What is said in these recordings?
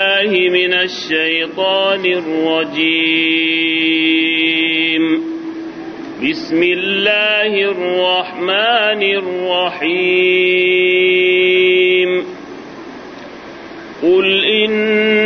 الله من الشيطان الرجيم بسم الله الرحمن الرحيم قل إن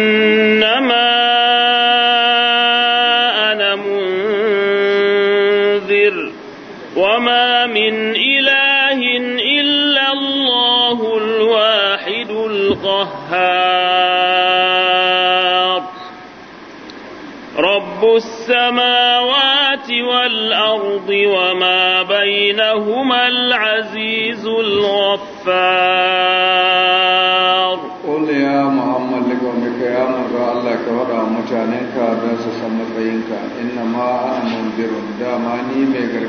والأرض وما بينهما العزيز الغفار قل يا محمد لقومك يا رأى الله كورا متعنيك بس سمتينك إنما أنا منذر داماني ميقر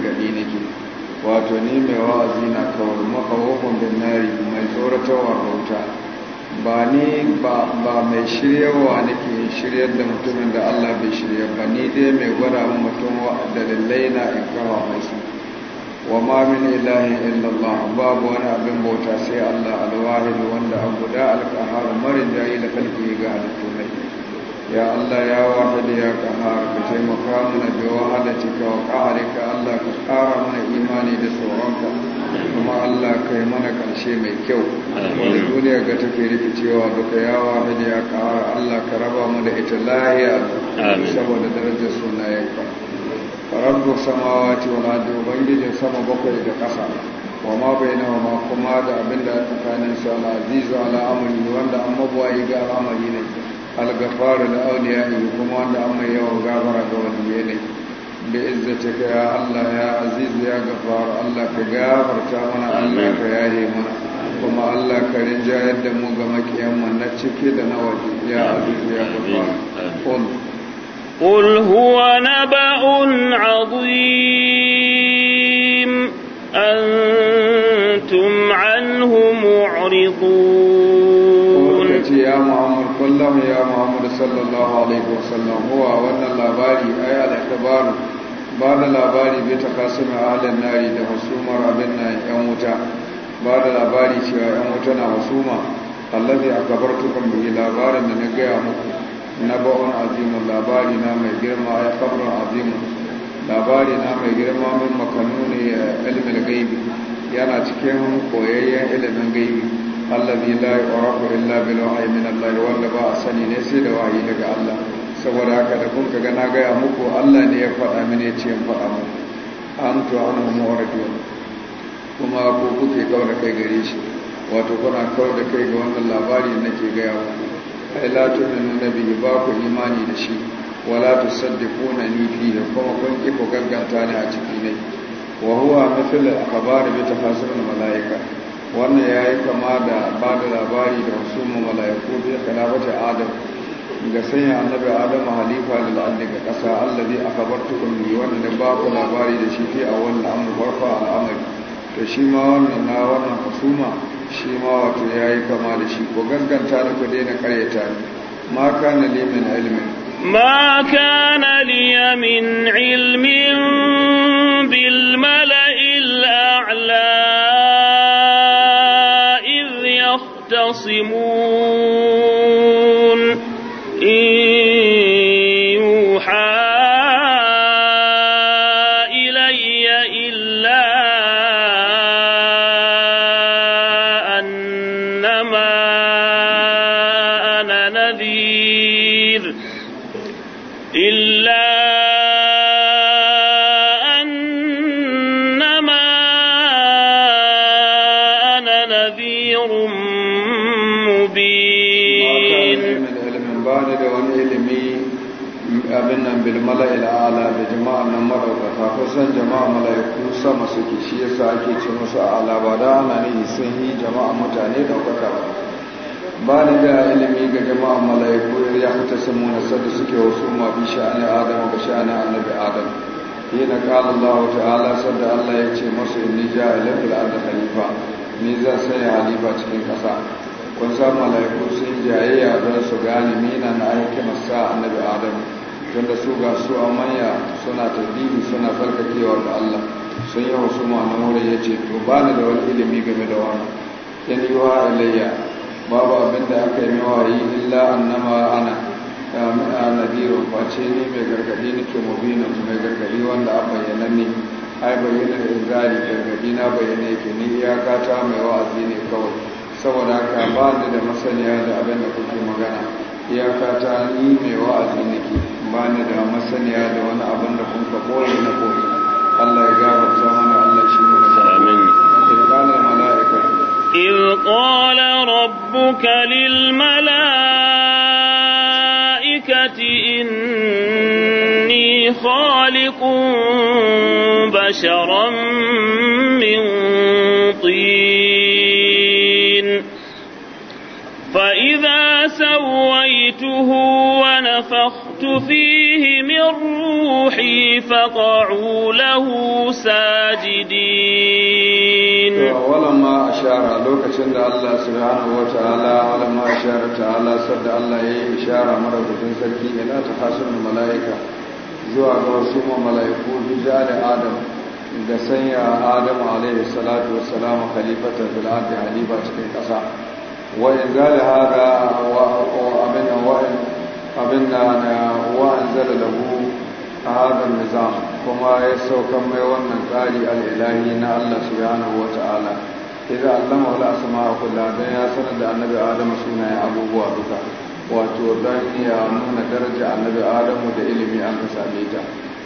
wato ni mai wa'azi na kawar makawakon ba ni ba mai shiryarwa nake shiryar da mutumin da Allah bai shirya ba ni dai mai gwada mutum wa dalilai na in masu wa ma min ilahin illallah babu wani abin bauta sai Allah alwahid wanda an guda alkahar marin jayi da kalki ga halittu ya Allah ya wata da ya kahar ka taimaka mana bi cika, wa qahrika Allah ka kara mana imani da tsoronka kuma Allah ka yi mana ƙarshe mai kyau wani duniya ga take rikicewa duka yawa hajji ya kawo Allah ka raba mu da ita lahiya saboda darajar sunayenka ce wa wal ardi ubangijin sama bakwai da ƙasa wa ma ma kuma da abin da tsakanin su ala azizu ala amri wanda an mabuwa yi ga al'amari ne algafaru da da yi kuma wanda an mai yawan gafara ga wani ne بعزتك يا الله يا عزيز يا غفار الله كغفر تامنا الله كياهي منا كما الله كرنجا يد مو غمك يا من نتشكي دنا يا عزيز يا غفار قل قل هو نبأ عظيم أنتم عنه معرضون يا معمر كلهم يا معمر صلى الله عليه وسلم هو وأن الله باري أي الاعتبار ba da labari bai ta na halin nari da hasumar abin na yan wuta ba da labari cewa yan wuta na hasuma allazi a gabar tukan bai labarin da na gaya muku na ba'un azimu labari na mai girma ya kabrin azimu. labari na mai girma min makanu ne ilimin gaibi yana cikin koyayyen ilimin gaibi allazi la yu'rafu illa bil min allari wanda ba a sani ne sai da wahayi daga allah saboda haka da kun kaga na gaya muku Allah ne ya faɗa mini ce ya faɗa muku an to an mu'aradu kuma ko kuke kawar da kai gare shi wato kuna kawar da kai ga wannan labari da nake gaya muku ai la tu'minu nabiyyi ba ku imani da shi wala tusaddiquna ni da kuma kun ki ku gaggata ni a ciki ne wa huwa mithlu akhbar bi tafasir al malaika wannan yayi kama da ba da labari da wasu mala'iku da kalabati adam ga sanya annabi adamu halifa lil ardi ga kasa allazi akhbartukum bi wanda ba ku labari da shi fi awwal al-amr barfa al to shi ma wannan na wannan husuma shi ma wato yayi kama da shi ko ganganta da ku daina karyata ma kana li min ilmin ma kana li min ilmin bil mala'il a'la idh الرحيم yasa ake ce musu a labara ana ne sun yi jama'a mutane ɗaukaka ba ni da ilimi ga jama'a mala'iku ya fita samu na sadu suke wasu ma bi sha'anin adam ga sha'anin annabi adam yi na lawa Allah ta'ala sadda Allah ya ce masu inni ja'ilin da halifa ni zan sanya halifa cikin kasa. kun san mala'iku sun jayayya don su gane mina na aiki masa annabi adam tunda su ga su a manya suna tabibi suna farkakewa ga Allah sun yi wasu ma'anar wurin ya ce to ba ni da wani ilimi game da wani yan yi wa ilayya babu abin da aka yi mawayi illa annama ana eh, a nadiru face ni mai gargadi nake mubina mai gargadi wanda a bayyana ne ai bayyana da izari gargadi na bayyana yake ni ya ta mai wa'azi ne kawai saboda haka ba ni da masaniya da abin da kuke magana ya kata ni mai wa'azi nake ba ni da masaniya da wani abin da kun ka koyi na koyi الله ya gafarta الله Allah آمين قال الملائكة إذ قال ربك للملائكة إني خالق بشرا من طين فإذا سويته ونفخت فيه من ruhi faqa'u lahu sajidin to walamma ashara lokacin da Allah subhanahu wataala walamma ashara ta'ala sadda Allah yayi ishara madaukakin sarki ila tahasul malaika zuwa ga wasu malaiku bijali adam da sanya adam alaihi salatu wassalam khalifatan fil ardi halifa cikin kasa wa inzal hada wa abin wa abin na wa anzala lahu a hadin nizam kuma ya saukan mai wannan tsari al'ilahi na Allah subhanahu wa ta'ala idza allama wal asma kullaha dan ya sanar da annabi adamu sunayen abubuwa duka wato dan ya nuna daraja annabi adamu da ilimi an ka same ta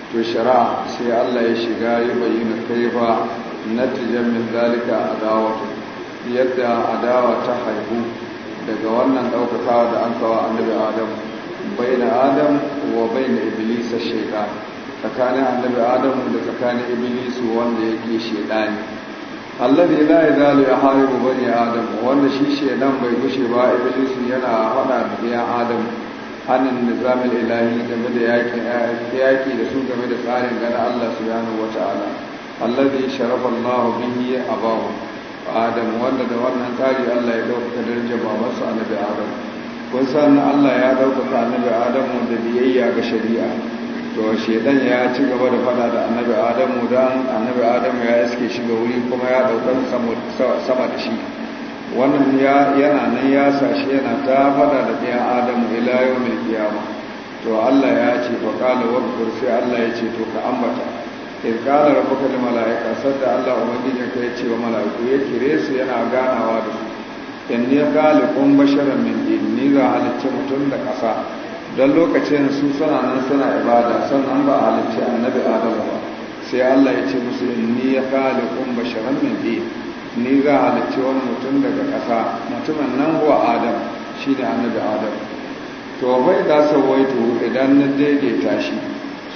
to shari'a sai Allah ya shiga ya bayyana kaifa natijan min zalika adawatu yadda adawa ta haihu daga wannan daukakawa da an kawo annabi adamu bai na adam wa bai na iblis a shaitan tsakanin annabi adam da tsakanin iblis wanda yake shaitani allazi la yazalu yahibu bani adam wanda shi shaitan bai bushe ba iblis yana haɗa da biyan adam hannun nizamin ilahi game da yaki da su game da tsarin gana Allah subhanahu wata'ala allazi sharafa a bihi abahu adam wanda da wannan tsari Allah ya dauka darajar babansa annabi adam kun san Allah ya ɗaukaka annabi adamu da biyayya ga shari'a to shedan ya ci gaba da fada da annabi adamu dan annabi adamu ya iske shi ga wuri kuma ya ɗaukar sama da shi wannan yana nan ya sashi yana ta fada da biyan adamu ila yau mai kiyama to Allah ya ce fa qala wa sai Allah ya ce to ka ambata in qala rabbuka lil malaika sadda Allah ubangijinka ya ce wa malaiku ya kire su yana ganawa da su in ni khaliqun basharan min din ni ga halicci mutum da ƙasa don lokacin su suna nan suna ibada sannan ba halicci annabi adamu ba sai Allah ya ce musu in ni khaliqun basharan min din ni ga halicci wani mutum daga ƙasa mutumin nan huwa adam shi da annabi adam to bai da sawaito idan na daidaita shi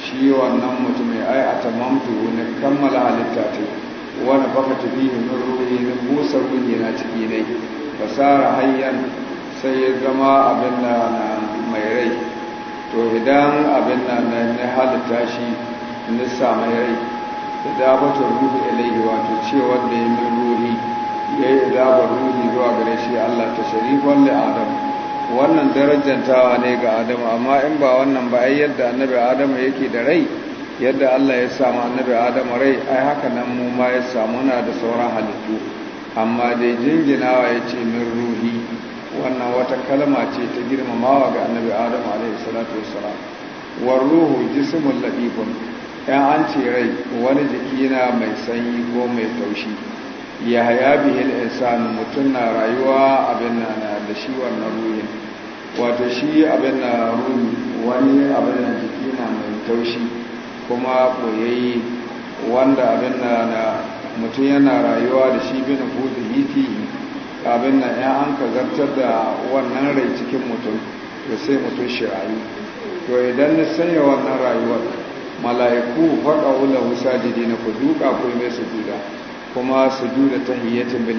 shi wannan mutum ai a tamamtu ne kammala halitta ta wani baka tafi min ruhi ne busa ruhi na ciki ne fasara hayyan sai ya zama abin na mai rai to idan abin na na halitta shi nisa mai rai da dabatar ruhu ilaihi wato cewa da ya min ruhi ya yi dabar ruhi zuwa gare shi Allah ta sharifan li adam wannan darajantawa ne ga adam amma in ba wannan ba ai yadda annabi adam yake da rai yadda Allah ya samu annabi adam rai ai haka nan mu ma ya samu na da sauran halittu amma dai jinginawa ya ce min ruhi wannan wata kalma ce ta girmamawa ga annabi adam alaihi salatu war ruhu jisimin latifun Yan an ce rai wani jiki na mai sanyi ko mai taushi ya haya bihil insani mutum na rayuwa abin na da shi wannan ruhin Wata shi abin na ruhi wani abin na jiki na mai taushi kuma koyayi wanda abin na mutum yana rayuwa da shi bin hudu hifi abin nan ya an ka zartar da wannan rai cikin mutum da sai mutum shi rayu to idan na sanya wannan rayuwar mala'iku faɗa wula wusa jidi na ku duka ku mai sujuda kuma sujuda ta hiyyatin bil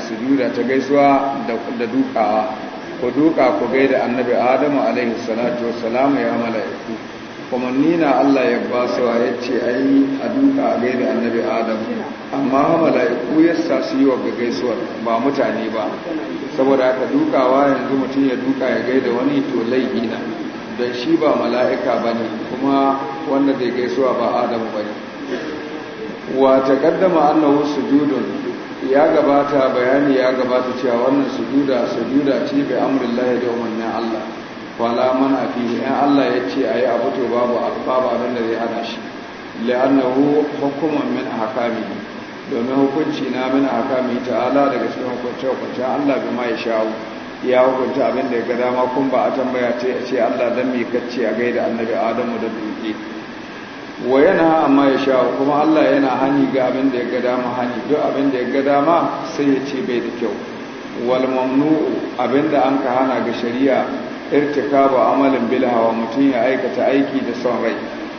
su sujuda ta gaisuwa da dukawa ku duka ku gaida annabi adamu alaihi salatu wasalamu ya mala'iku umarni na Allah ya ba su ya ce a yi a duka a gaida annabi adam amma mala'iku ya sa su yi wa gaisuwa ba mutane ba saboda haka dukawa yanzu mutum ya duka ya gaida wani to laifi na don shi ba mala'ika ba ne kuma wanda zai gaisuwa ba adam ba ne wa kaddama annahu sujudun ya gabata bayani ya gabata cewa wannan sujuda sujuda ce bi amrillahi da umarnin Allah wala mana fihi in Allah ya ce ayi abu to babu babu abin da zai hana shi la'annahu hukumun min ahkami domin hukunci na min ahkami ta'ala daga cikin hukunce hukunce Allah bi ma ya shawo ya hukunta abin da ya ga dama kun ba a tambaya ce ce Allah dan me kace a gaida annabi Adamu da duki wa yana amma ya shawo? kuma Allah yana hani ga abin da ya ga dama hani duk abin da ya ga dama sai ya ce bai da kyau wal mamnu abinda an ka hana ga shari'a ba amalin bilhawa mutum ya aikata aiki da son rai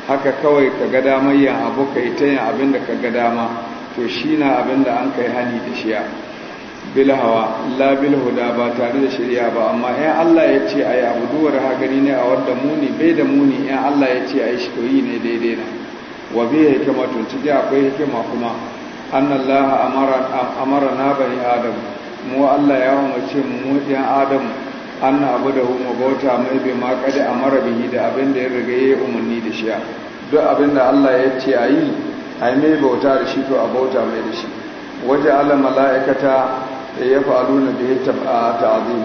haka kawai ka ga damar yin abu ka yi ta yin abin da ka ga dama to shi na abin da an kai hani da shiya bilhawa hawa la ba tare da shirya ba amma 'yan Allah ya ce yi abu duwar hagari ne a wadda muni bai da muni 'yan Allah ya ce a shi ne daidai na wa bi tun ciki akwai hikima kuma annallaha amara amara na bani adam mu Allah ya umarce mu mu adam an abu da huma bauta mai bai ma kada a mara bihi da abin da ya riga ya yi umarni da shi duk abin da Allah ya ce a yi a mai bauta da shi to a bauta mai da shi waje ala mala'ikata ya faru na bihi ta'azim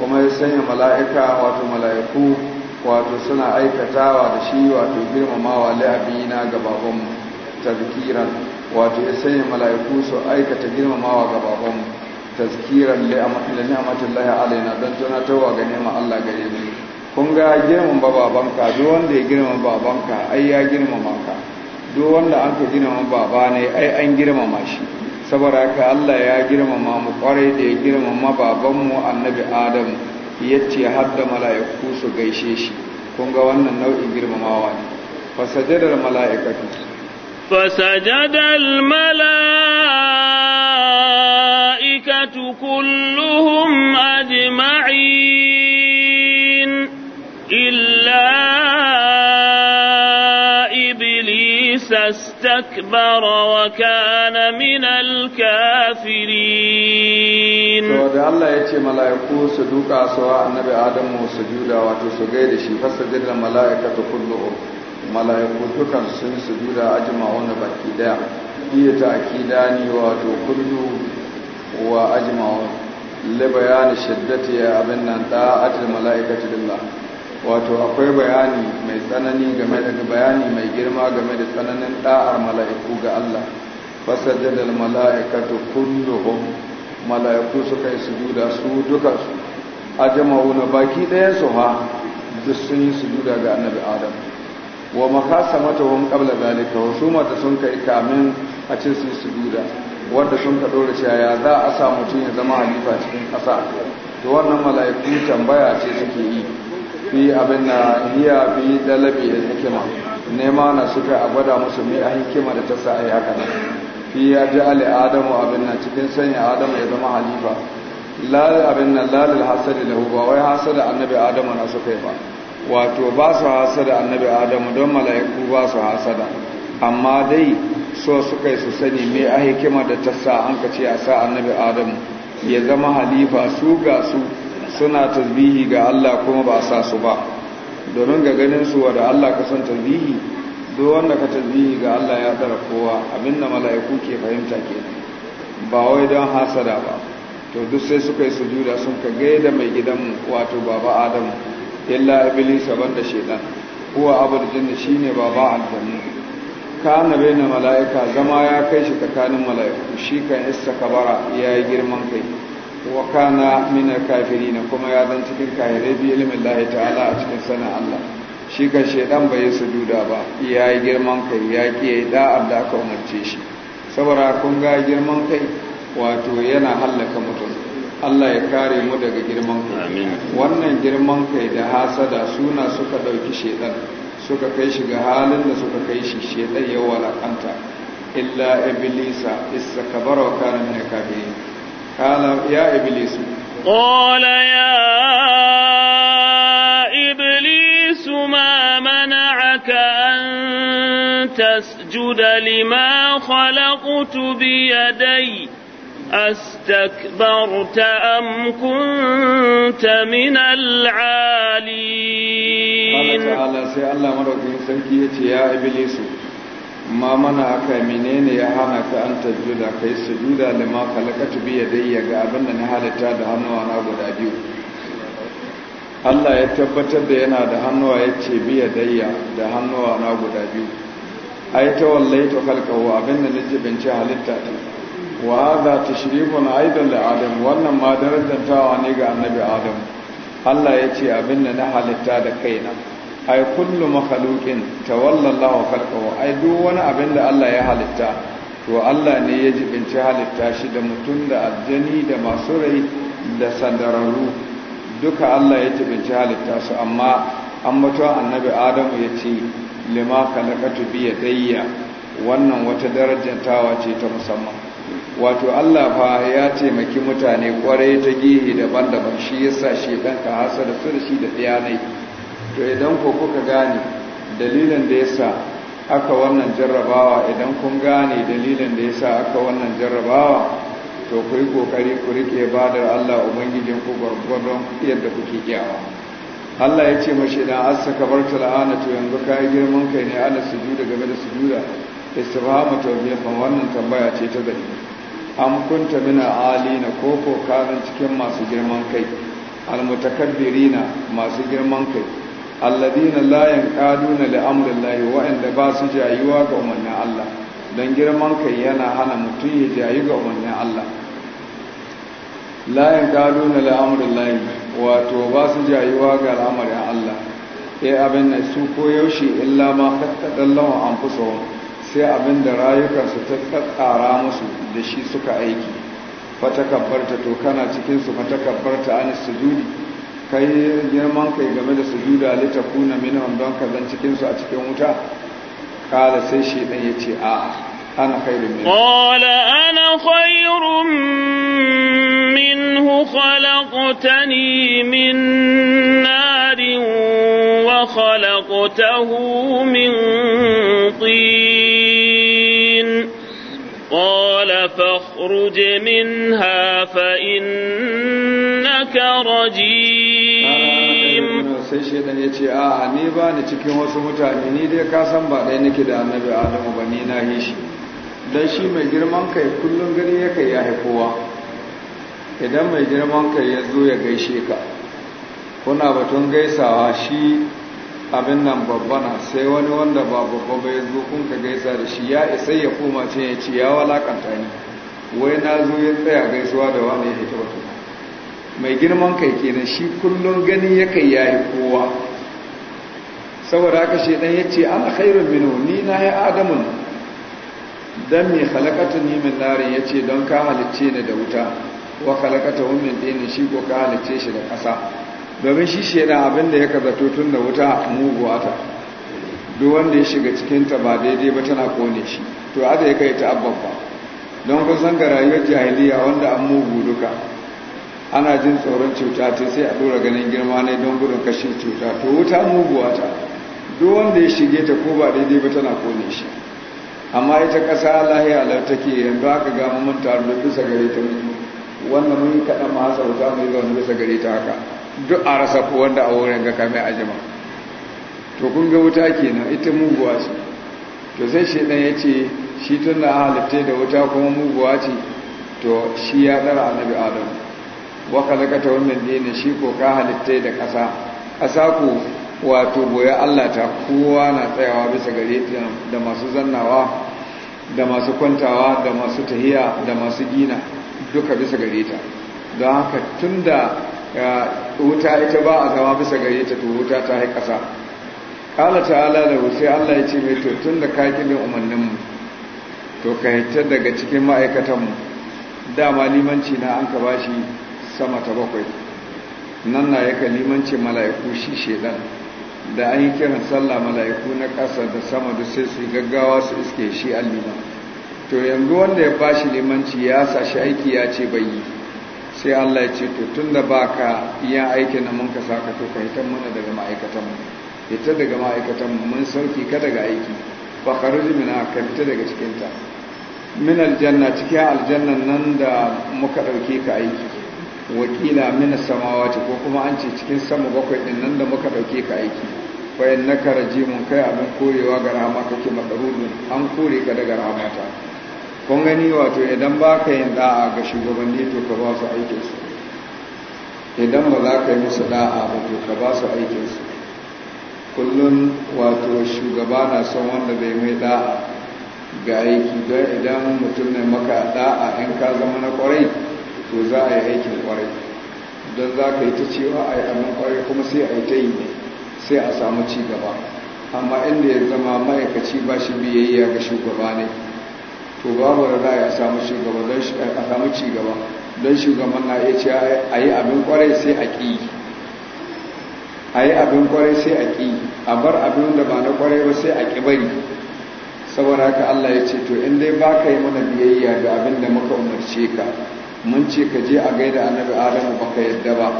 kuma ya sanya mala'ika wato mala'iku wato suna aikatawa da shi wato girmamawa la'abina ga babanmu tazkiran wato ya sanya mala'iku su aikata girmamawa ga babanmu tazkiran li a alaina dan tunatarwa ga neman Allah gare mai. kun ga girman babanka duk wanda ya girman babanka ai ya girmama ka duk wanda an ka girmama baba ne ai an girmama shi saboda ka Allah ya girmama mu kwarai da ya girmama babanmu annabi Adam yace har da mala'iku su gaishe shi kun ga wannan nau'in girmamawa ne fasajadar mala'ikatu fasajadal mala'ikatu الملائكة كلهم أجمعين إلا إبليس استكبر وكان من الكافرين da Allah ya ce mala'iku annabi Adamu su su gaida shi fasajjada mala'ikatu kulluhum mala'iku dukan akida wato wa ajma'un li bayani shiddati abin nan da'atul mala'ikati lillah wato akwai bayani mai tsanani game da bayani mai girma game da tsananin da'ar mala'iku ga Allah fasajjadal mala'ikatu kulluhum mala'iku suka yi sujuda su duka su na baki ɗayan su ha duk sun yi sujuda ga annabi Adam wa makasamatuhum qabla zalika husuma da sun kai kamin a ce su sujuda wanda sun ka dora cewa ya za a sa mutum ya zama halifa cikin ƙasa to wannan mala'iku tambaya ce suke yi fi abin na hiya fi dalabi da hikima nema na suka a gwada musu mai a hikima da ta sa a yi haka fi ya ji ali adamu abin na cikin sanya adamu ya zama halifa lal abin na lalil hasadi da huba wai hasada annabi adamu na suka yi ba wato ba su hasada annabi adamu don mala'iku ba su hasada amma dai so suka yi su sani me a hikima da ta sa an ka ce a sa annabi adam ya zama halifa su ga su suna tasbihi ga Allah kuma ba sa su ba domin ga ganin su wada Allah ka san tasbihi duk wanda ka tasbihi ga Allah ya tsara kowa abin da mala'iku ke fahimta ke ba wai don hasada ba to duk sai suka yi sujuda sun ka gaida mai gidan wato baba adam illa iblis banda shedan huwa abul jinni shine baba aljanna ka na mala'ika zama ya kai shi tsakanin mala'iku shi kan kabara ya yi girman kai wa kana min na kuma ya zan cikin kayyare bi ilmin Allah ta'ala a cikin sanin Allah shi kan shedan bai sujuda ba ya yi girman kai ya ki da'ar da aka umarce shi saboda kun ga girman kai wato yana hallaka mutum Allah ya kare mu daga girman kai wannan girman kai da hasada suna suka dauki shedan suka kai shi ga halin da suka kai shi shi ya walakanta illa iblisa istakbara wa kana min kafirin qala ya iblisu qala ya iblisu ma mana'aka an tasjuda lima khalaqtu bi yadayya أستكبرت أم كنت من العالين قال تعالى سي الله مروكين سنكي يا إبليس ما منعك منين يا هانك أن تسجد كي سجود لما خلقت بيدي أبن نهالتا دهنو أنا أبو دابيو Allah ya tabbatar da yana da hannuwa ya ce biya dayya da hannuwa na guda biyu ai ta wallaita kalkawo abin da nake bince halitta ta wa ta tashrifun aidan li adam wannan ma darajantawa ne ga annabi adam Allah ya ce abin da na halitta da kaina ai kullu makhluqin tawalla Allahu khalqahu ai duk wani abin da Allah ya halitta to Allah ne ya jibinci halitta shi da mutum da aljani da masurai da sandararru duka Allah ya jibinci halitta su amma an annabi Adamu ya ce lima khalaqatu bi yadayya wannan wata darajantawa ce ta musamman wato Allah fa ya taimaki mutane kwarai ta gihi daban-daban shi yasa shi dan ka hasa da su da shi da to idan ku kuka gane dalilin da yasa aka wannan jarrabawa idan kun gane dalilin da yasa aka wannan jarrabawa to ku yi kokari ku rike badar Allah ubangijin ku gwargwadon yadda kuke kiyawa Allah ya ce mashi idan asa ka la'ana, to yanzu ka yi girman kai ne ana sujuda game da sujuda istifhamu tawbiya wannan tambaya ce ta gari an kunta mina alina ko koko karin cikin masu girman kai almutakabbirina masu girman kai alladina la yanqaduna li amrillahi wa inda ba su jayuwa ga umarnin Allah dan girman kai yana hana mutum ya jayu ga umarnin Allah la yanqaduna li wato ba su jayuwa ga al'amarin Allah eh abin nan su koyaushe illa ma kattadan lawan anfusuhum sai abin da rayukansu ta tsara musu da shi suka aiki fatakabbarta to kana cikinsu fatakabbarta an sujudi kai girman kai game da sujuda litakuna minhum don ka zan cikinsu a cikin wuta kala sai shi dan yace a ana khairu min منه ana khairu minhu khalaqtani min من wa khalaqtahu min فاخرج منها فإنك رجيم sai shaidan ya ce a'a ni ba ni cikin wasu mutane ni dai ka san ba ɗaya nake da annabi adamu ba ni na yi shi don shi mai girman kai kullum gani ya kai ya haifowa idan mai girman kai ya zo ya gaishe ka kuna batun gaisawa shi abin nan babbana sai wani wanda ba babba ba ya zo kun ka gaisa da shi ya isa ya koma ce ya ce ya walakanta ni wai na zo ya tsaya gaisuwa da wani ya ita wata mai girman kai kenan shi kullum gani ya kai ya yi kowa saboda haka shi dan ya ce an khairun minu ni na ya adamun don mai halakatu ni min larin ya ce don ka halicce ni da wuta wa halakata wumin ne shi ko ka halicce shi da ƙasa domin shi shi yana abin da ya kazato tun da wuta muguwa ta duk wanda ya shiga cikinta ba daidai ba tana kone shi to ada ya kai ta abban ba don san ga rayuwar jahiliya wanda an mugu duka ana jin tsoron cuta ta sai a dora ganin girma ne don gudun kashe cuta to wuta muguwa ta duk wanda ya shige ta ko ba daidai ba tana kone shi amma ita ƙasa lahiya lar take yanzu aka gama mun taru bisa gare ta wannan mun yi kaɗan ma hasa wuta yi zaune bisa gare ta haka duk a rasa ko wanda a wurin ga kame a jima to kun ga wuta kenan ita muguwa ce to sai shi ya ce shi tun da halittai da wuta kuma muguwa ce to shi ya tsara annabi adam waka zaka ta wannan dini shi ko ka halittai da ƙasa ƙasa ku wato goya allah ta kowa na tsayawa bisa gare da masu zannawa da masu kwantawa da masu tahiya da masu gina duka bisa gare ta don haka tun da wuta ita ba a zama bisa gare ta to wuta ta haika ƙasa ƙala ta'ala da sai allah ya ce mai to tun da ka ƙi umarninmu to ka hitar daga cikin ma'aikatanmu dama limanci na an ka bashi sama ta bakwai nan na yaka limanci mala'iku shi shedan da an yi kiran sallah mala'iku na ƙasa da sama da sai su gaggawa su iske shi allima to yanzu wanda ya bashi limanci ya sa shi aiki ya ce bai yi sai Allah ya ce to tun da ba ka iya aikin na mun ka saka to ka hitar mana daga ma'aikatanmu hita daga ma'aikatanmu mun sauki ka daga aiki ba ka rujimina ka fita daga cikinta min aljanna cikin aljannan nan da muka ɗauke ka aiki wakila min samawati ko kuma an ce cikin sama bakwai ɗin nan da muka ɗauke ka aiki bayan na karaji mun kai abin korewa ga rahama kake matsarudin an kore ka daga rahamata kun gani wato idan ba ka yin da'a ga shugabanni to ka ba su aikinsu idan ba za ka yi musu da'a ba to ka ba su aikinsu kullum wato shugaba na son wanda bai mai da'a ga aiki don idan mutum ne maka da'a in ka zama na kwarai to za a yi aikin kwarai don za ka yi ta cewa a yi abin kwarai kuma sai a yi ta yi ne sai a samu ci gaba amma inda ya zama ma'aikaci ba shi biyayya ga shugaba ne to babu da za a samu shugaba don a samu ci gaba don shugaban na iya ce a yi abin kwarai sai a ƙi a yi abin kwarai sai a ƙi a bar abin da ba na kwarai ba sai a ƙi bari saboda haka Allah ya ce to in dai ba ka yi mana biyayya da abin da muka umarce ka mun ce ka je a gaida annabi adamu baka ka yadda ba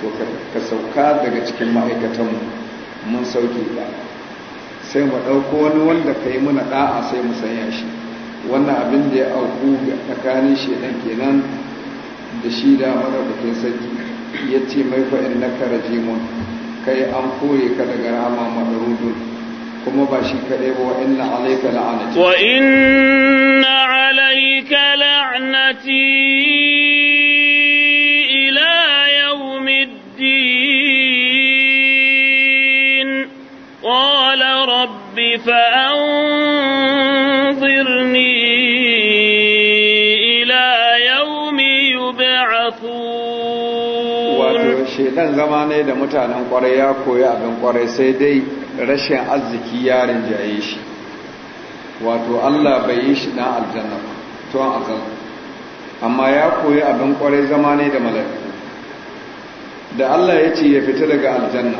to ka sauka daga cikin ma'aikatanmu mun sauke ba sai mu ɗauko wani wanda ka yi mana ɗa'a sai mu sanya shi wannan abin da ya auku ga tsakanin shedan kenan da shi da madaukakin sarki ya ce mai fa'in na karajimun kai an kore ka daga rama madarudun kuma ba shi kaɗai ba wa inna alaika la'anati wa inna alaika la'anati ila yawmiddin qala rabbi fa'anzirni ila yawmi yub'athun wato shedan zama ne da mutanen kwarai ya koyi abin kwarai sai dai rashin arziki ya rinjaye shi wato Allah bai yi shi na aljanna ba tuwon azal amma ya koyi abin kwarai zama ne da mala'iku da Allah ya ce ya fita daga aljanna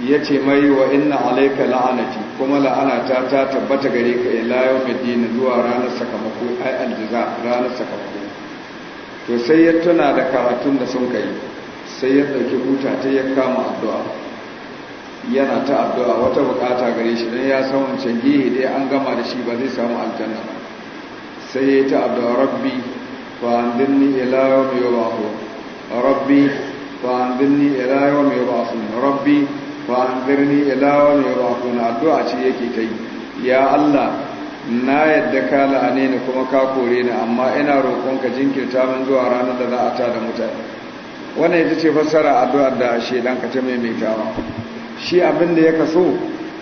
ya ce mai wa inna alaika la'anati kuma la'anata ta tabbata gare ka ila madina zuwa ranar sakamako ai aljiza ranar sakamako to sai ya tuna da karatun da sun kai sai ya ɗauki huta ta ya kama addu'a yana ta abdu'a wata bukata gare shi don ya san wancan gehe dai an gama da shi ba zai samu aljanna sai ya ta abdu'a rabbi fa andinni ila yawmi yub'athun rabbi fa andinni ila yawmi yub'athun rabbi fa andinni ila yawmi na addu'a ce yake ta yi ya Allah na yadda ka la'ane ni kuma ka kore ni amma ina roƙonka jinkirta min zuwa ranar da za a ta da mutane wannan ita ce fassara addu'ar da shedan ka ta maimaitawa shi abin da ya kaso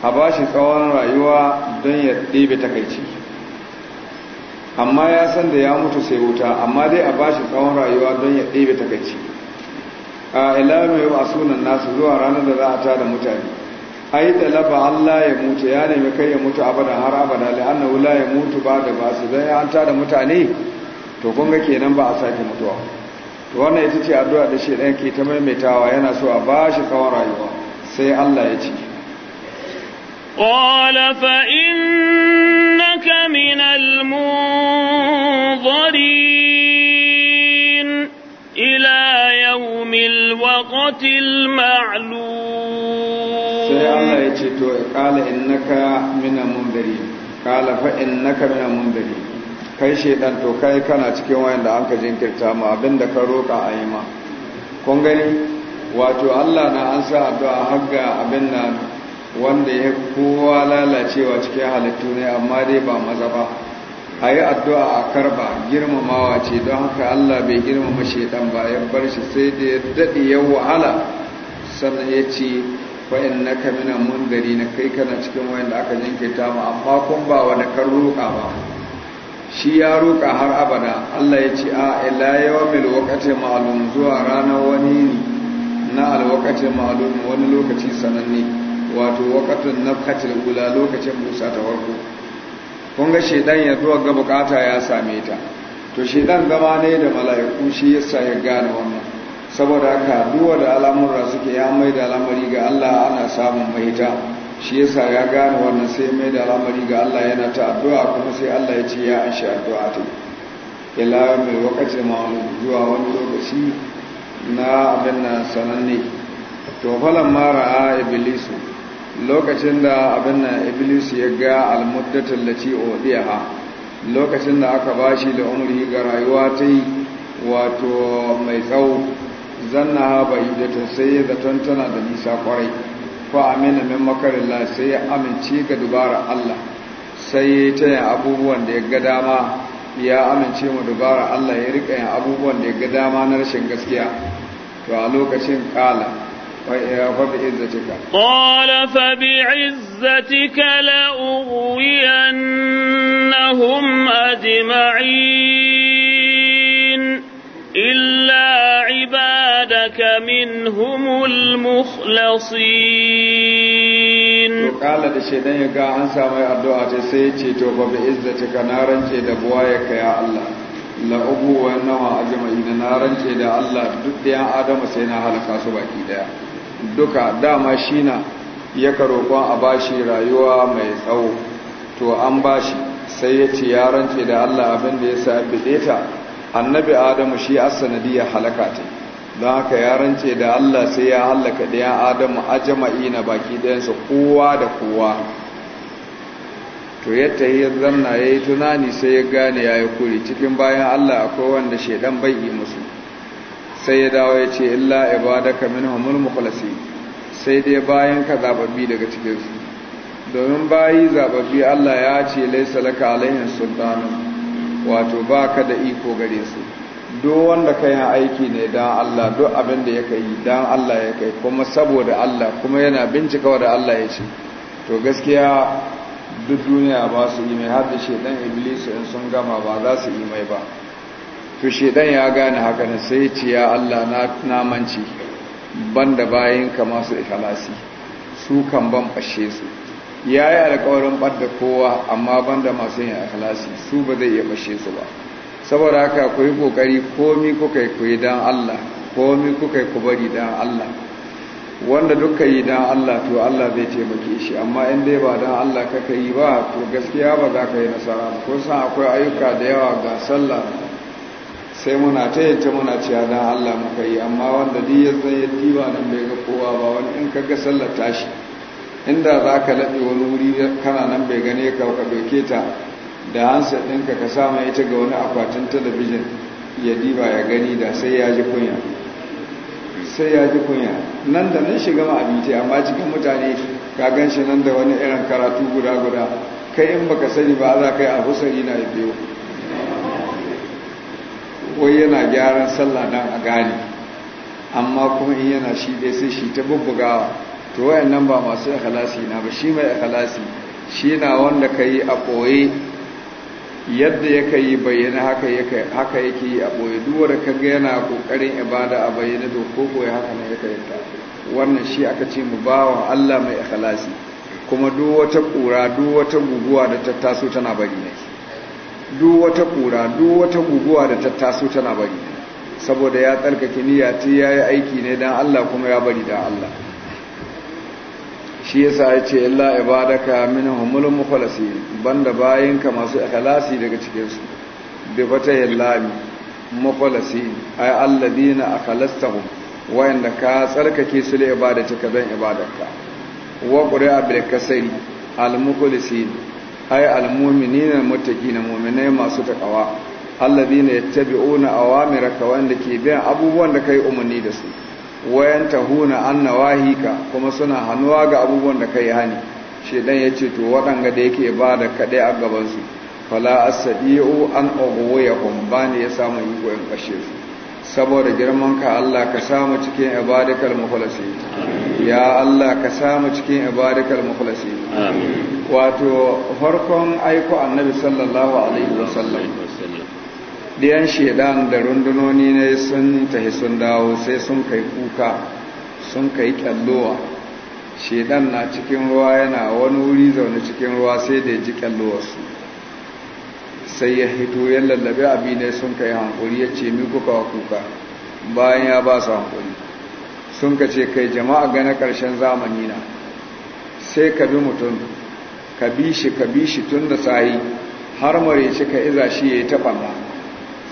a ba shi tsawon rayuwa don ya ɗebe takaici amma ya san da ya mutu sai wuta amma dai a ba shi tsawon rayuwa don ya ɗebe takaici a ilamu yau a sunan nasu zuwa ranar da za a ta da mutane a ai talaba Allah ya mutu ya nemi kai ya mutu abada har abada la'anna wula ya mutu ba da ba su zai an da mutane to kun ga kenan ba a sake mutuwa to wannan ita ce addu'a da shi ɗan ke ta maimaitawa yana so a ba shi tsawon rayuwa sai Allah ya ce qala fa innaka minal munzirin ila yawmil waqtil ma'lum sai Allah ya ce to qala innaka minal munzirin qala fa innaka minal munzirin kai shedan to kai kana cikin wayanda an ka jinkirta abinda ka roka a ma wato Allah na an sa addu'a hagga abin nan wanda ya kowa lalacewa cikin halittu ne amma dai ba maza ba a yi addu'a a karba girmamawa ce don haka Allah bai girmama shaidan ba ya bar shi sai da ya daɗe ya wahala sannan ya ce wa'in na kaminan mun gari na kai kana cikin wayan da aka ta ma amma kun ba wani kan roƙa ba shi ya roƙa har abada Allah ya ce a ila yawan mil ma'alum zuwa ranar wani ne na alwakacin ma'alumin wani lokaci sananne wato wakatun na katil gula lokacin busa ta warko kun ga shaidan ya zuwa ga bukata ya same ta to shaidan gama ne da mala'iku shi ya sa ya gane wannan saboda haka duwa da al'amura suke ya mai da al'amari ga Allah ana samun mahita shi ya sa ya gane wannan sai mai da al'amari ga Allah yana ta addu'a kuma sai Allah ya ce ya an shi addu'a ta ila mai wakacin ma'alumin zuwa wani lokaci na abin nan sananne to falan mara a iblisu lokacin da abin nan iblisu ya ga almuddatar lati ha, lokacin da aka bashi da umri ga rayuwa ta yi wato mai tsawo zanna ha bai da to sai ya zaton da nisa kwarai ko amina min makarilla sai ya amince ga dubara Allah sai ya taya abubuwan da ya ga dama ya amince mu dubara Allah ya rika yin abubuwan da ya ga dama na rashin gaskiya to a lokacin kala فبعزتك قال فبعزتك لأغوينهم أجمعين إلا عبادك منهم المخلصين قال da shedan ya an samu addu'a ce sai ce to fa bi izzatika da buwaye ka Allah la'ubu wa nawa ajma'ina na rance da Allah duk ɗayan Adamu sai na halaka su baki daya duka dama shi na ya roƙon a bashi rayuwa mai tsawo to an bashi sai ya ce ya rance da Allah abin da ya sa bide ta annabi Adamu shi as ya halaka ta don haka ya rance da Allah sai ya halaka ɗayan Adamu na baki ɗayansa kowa da kowa to yadda ya zamna ya yi tunani sai ya gane ya yi kuri cikin bayan Allah akwai wanda shaidan bai yi musu sai ya dawo ya ce illa ibadaka minhumul mukhlasin sai dai bayan ka zababbi daga cikinsu su domin bayi zababbi Allah ya ce laisa laka alaihim sultanu wato ba ka da iko gare su duk wanda ka yi aiki ne don Allah duk abin da ya kai don Allah ya kai kuma saboda Allah kuma yana bincika da Allah ya ce to gaskiya duk duniya ba su yi mai har da shedan in sun gama ba za su yi mai ba to shaidan ya gane haka ne sai ce ya Allah na namanci da bayan ka masu ikalasi su kan ban fashe su yayi alƙawarin badda kowa amma ban da masu yin ikalasi su ba zai iya fashe su ba saboda haka ku yi kokari komi kuka yi ku yi dan Allah komi kuka yi ku bari dan Allah wanda duka yi don Allah to Allah zai taimake shi amma in dai ba don Allah kaka yi ba to gaskiya ba za ka yi nasara ba san akwai ayyuka da yawa ga sallah sai muna ta muna cewa don Allah muka yi amma wanda duk ya zai yi diba nan bai ga kowa ba wani in ka ga sallah tashi inda za ka laɗe wani wuri kana nan bai gane ka ka doke ta da hansa ɗinka ka sama ita ga wani akwatin talabijin ya diba ya gani da sai ya ji kunya sai ya ji kunya nan da nan shiga ma'abiti amma cikin mutane ka gan shi nan da wani irin karatu guda guda kai in baka sani ba za ka yi a husari na ya biyo wai yana gyaran sallah dan a gane amma kuma in yana shi dai sai shi ta bubbugawa to wayan nan ba masu ikhlasi na ba shi mai ikhlasi shi na wanda ka yi a koye yadda yake yi bayyana haka yake haka yi a boye duwar ka ga yana kokarin ibada a bayyana to ko boye haka ne yaka yi ta wannan shi aka ce mu bawa Allah mai ikhlasi kuma duk wata kura duk wata guguwa da ta taso tana bari ne duk wata kura duk wata guguwa da ta taso tana bari ne saboda ya tsarkake niyyati yayi aiki ne dan Allah kuma ya bari dan Allah shi yasa ya ce illa ibadaka minhumul mukhlasin banda bayinka masu ikhlasi daga cikin su bi bata yallami mukhlasin ay alladina wa wayanda ka tsarkake su li ibadatika dan ibadarka wa qur'a bil kasri al mukhlasin ay al mu'minina muttaqina mu'minai masu takawa alladina yattabi'una awamiraka wanda ke bin abubuwan da kai umarni da su wayan tahuna an nawahika kuma suna hannuwa ga abubuwan da kai hani shedan ya ce to waɗanga da yake ba da kaɗai a gabansu fala asadiyu an ya kuma ne ya samu iko in kashe su saboda girman ka Allah ka samu cikin ibadikal mukhlasi ya Allah ka samu cikin ibadikal mukhlasin wato farkon aiko annabi sallallahu alaihi wasallam ɗiyan shedan da rundunoni ne sun tafi sun dawo sai sun kai kuka sun kai kyallowa shedan na cikin ruwa yana wani wuri zaune cikin ruwa sai da ya ji kyallowarsu sai ya hito ya lallabe abi ne sun kai hankuri ya ce mikuka kuka wa kuka bayan ya ba su hankuri sun ka ce kai jama'a gane ƙarshen zamani na sai ka bi mutum ka bi shi ka bi shi tun da sahi har mare shi ka iza shi ya yi taɓanna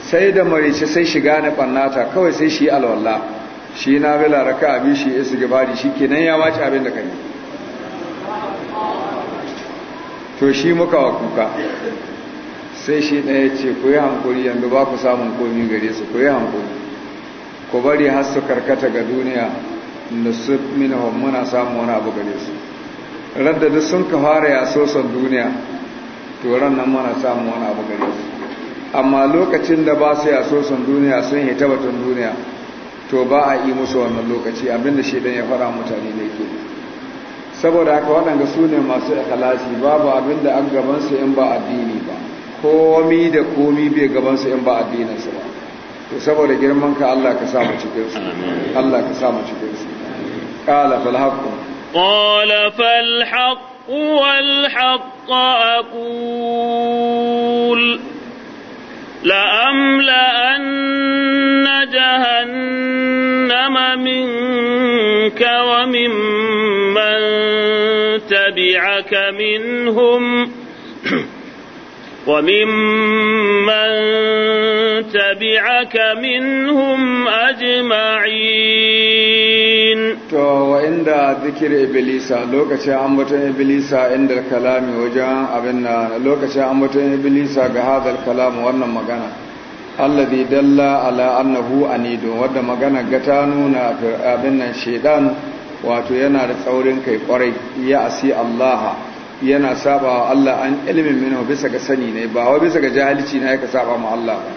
sai da marice sai shiga na ɓannata kawai sai shi alwalla shi na bila raka abi shi isa gabari shi kenan ya wace abin da kai to shi muka wa kuka sai shi ɗaya ce ku yi hankuri yanzu ba ku samun komi gare su ku yi hankuri ku bari har su karkata ga duniya da su minahun muna samun wani abu gare su radda duk sun ka fara yaso son duniya to ran nan muna samun wani abu gare su amma lokacin da ba su a sosan duniya sun hita batun duniya to ba a yi musu wannan lokaci abinda shi dan ya fara mutane da yake saboda haka waɗanda su ne masu ikhlasi babu abinda an gabansu in ba addini ba komi da komi bai gabansu in ba addininsu ba to saboda girman ka Allah ka cikin su Allah ka cikin su qala fal haqq qala fal haqq wal haqq aqul لأملأن جهنم منك وممن تبعك منهم وممن تبعك منهم أجمعين to wa'inda zikir iblisa lokacin ambaton iblisa inda kalami wajen abin na lokacin ambaton iblisa ga hadal kalam wannan magana alladhi dalla ala annahu anidu wadda magana ga ta nuna abin nan shedan wato yana da tsaurin kai kwarai ya asi allaha yana saba wa Allah an ilimin minhu bisa ga sani ne ba wa bisa ga jahilci na yaka saba ma Allah ba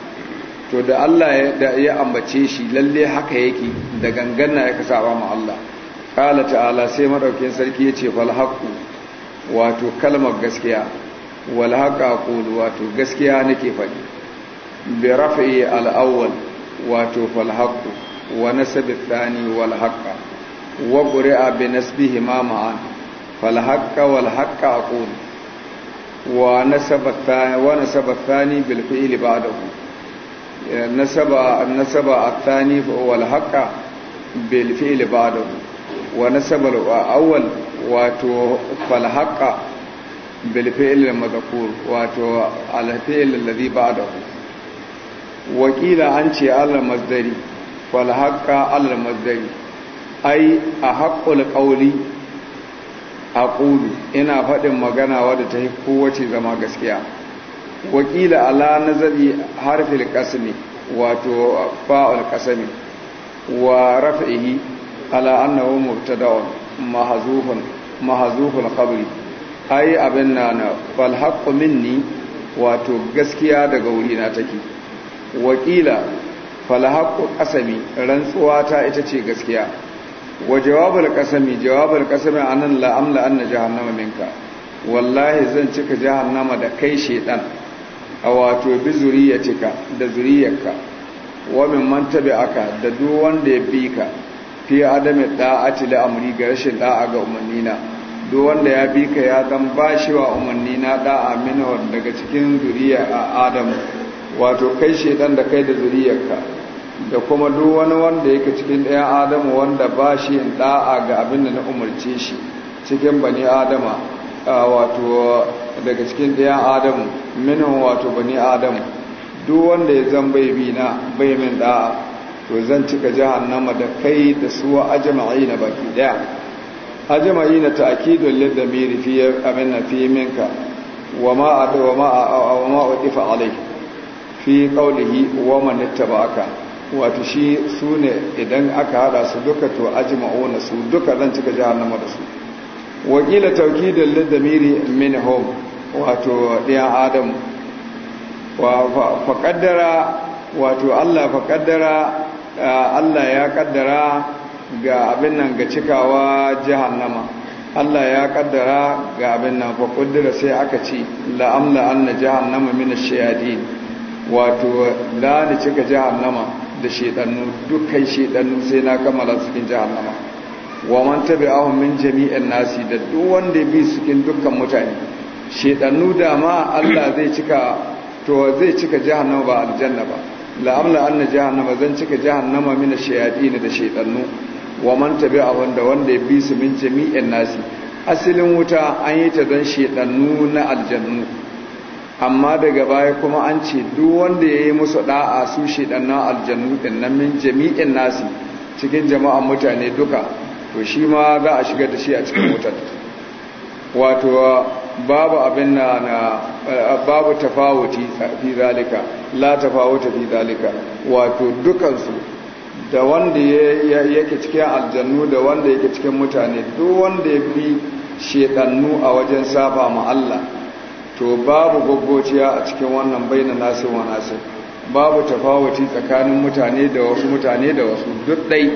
to da Allah da ya ambace shi lalle haka yake da ganganna yaka saba ma Allah kala ta'ala sai madaukin sarki yace fal haqu wato kalmar gaskiya wal haqa qulu wato gaskiya nake faɗi bi raf'i al awwal wato fal haqu wa nasab al thani wal haqa wa qura bi nasbihi ma ma'ana فالحق والحق أقول ونسب الثاني ونسب الثاني بالفعل بعده نسب النسب الثاني والحق بالفعل بعده ونسب الأول واتو فالحق بالفعل المذكور واتو الفعل الذي بعده وقيل أنشي على المصدري فالحق على المصدري أي أحق القول aqulu ina faɗin magana wadda ta yi kowace zama gaskiya wakila ala nazari harfil qasmi wato fa'ul qasmi wa raf'ihi ala annahu mubtada'un mahzufun mahzufun qabli ai abin nana fal haqqu minni wato gaskiya daga wurina take wakila fal haqqu qasmi rantsuwa ta ita ce gaskiya wa jawabul qasami jawabul qasami anan la amla anna jahannama minka wallahi zan cika jahannama da kai shedan a wato bi zuriyatika da zuriyarka wa min man tabi'aka da duk wanda ya bi ka fi adami da'ati la amri ga rashin ɗa'a ga na duk wanda ya bi ka ya dan bashi wa na da'a min daga cikin zuriya a adamu wato kai shedan da kai da zuriyarka da kuma duk wani wanda yake cikin ɗayan adamu wanda ba shi yin ɗa'a ga abin da na umarce shi cikin bani adama wato daga cikin ɗayan adamu minin wato bani adamu duk wanda ya zan bai bi na bai min ɗa'a to zan cika jahannama da kai da su ajma'i na baki ɗaya ajma'i na ta'kidul lidamiri fiye amin na fi minka wa ma wa ma wa ma uqifa alai fi qawlihi wa man aka wato shi su ne idan aka hada su duka to ajma'una su duka zan cika jahannama da su wakila da lidamiri minhum wato ɗiyan adam faƙaddara wato Allah faƙaddara Allah ya ƙaddara ga abin nan ga cikawa jahannama Allah ya ƙaddara ga abin nan faƙaddara sai aka ci la'amla an na jahannama min shayadi wato da ni cika jahannama da shedannu dukkan shedannu sai na kammala cikin jahannama wa man tabi'ahum min jami'in nasi da duk wanda bi su cikin dukkan mutane shedannu da ma Allah zai cika to zai cika jahannama ba aljanna ba la amla anna jahannama zan cika jahannama min ash shayatin da shedannu wa man tabi'ahum da wanda bi su min jami'in nasi asalin wuta an yi ta don shedannu na aljannu amma daga baya kuma an ce duk wanda ya yi musu da'a su shaɗannan aljannu ɗinnan min jami'in nasi cikin jama'an mutane duka to shi ma za a shiga da shi a cikin mutane wato babu abin na na eh, babu tafawuti fi zalika la tafawuta fi zalika wato dukansu da wanda yake cikin aljannu da wanda yake cikin mutane duk wanda ya bi shaɗannu a wajen safa ma Allah to babu gwaggociya a cikin wannan baina nasin wa nasin babu tafawuci tsakanin mutane da wasu mutane da wasu duk ɗai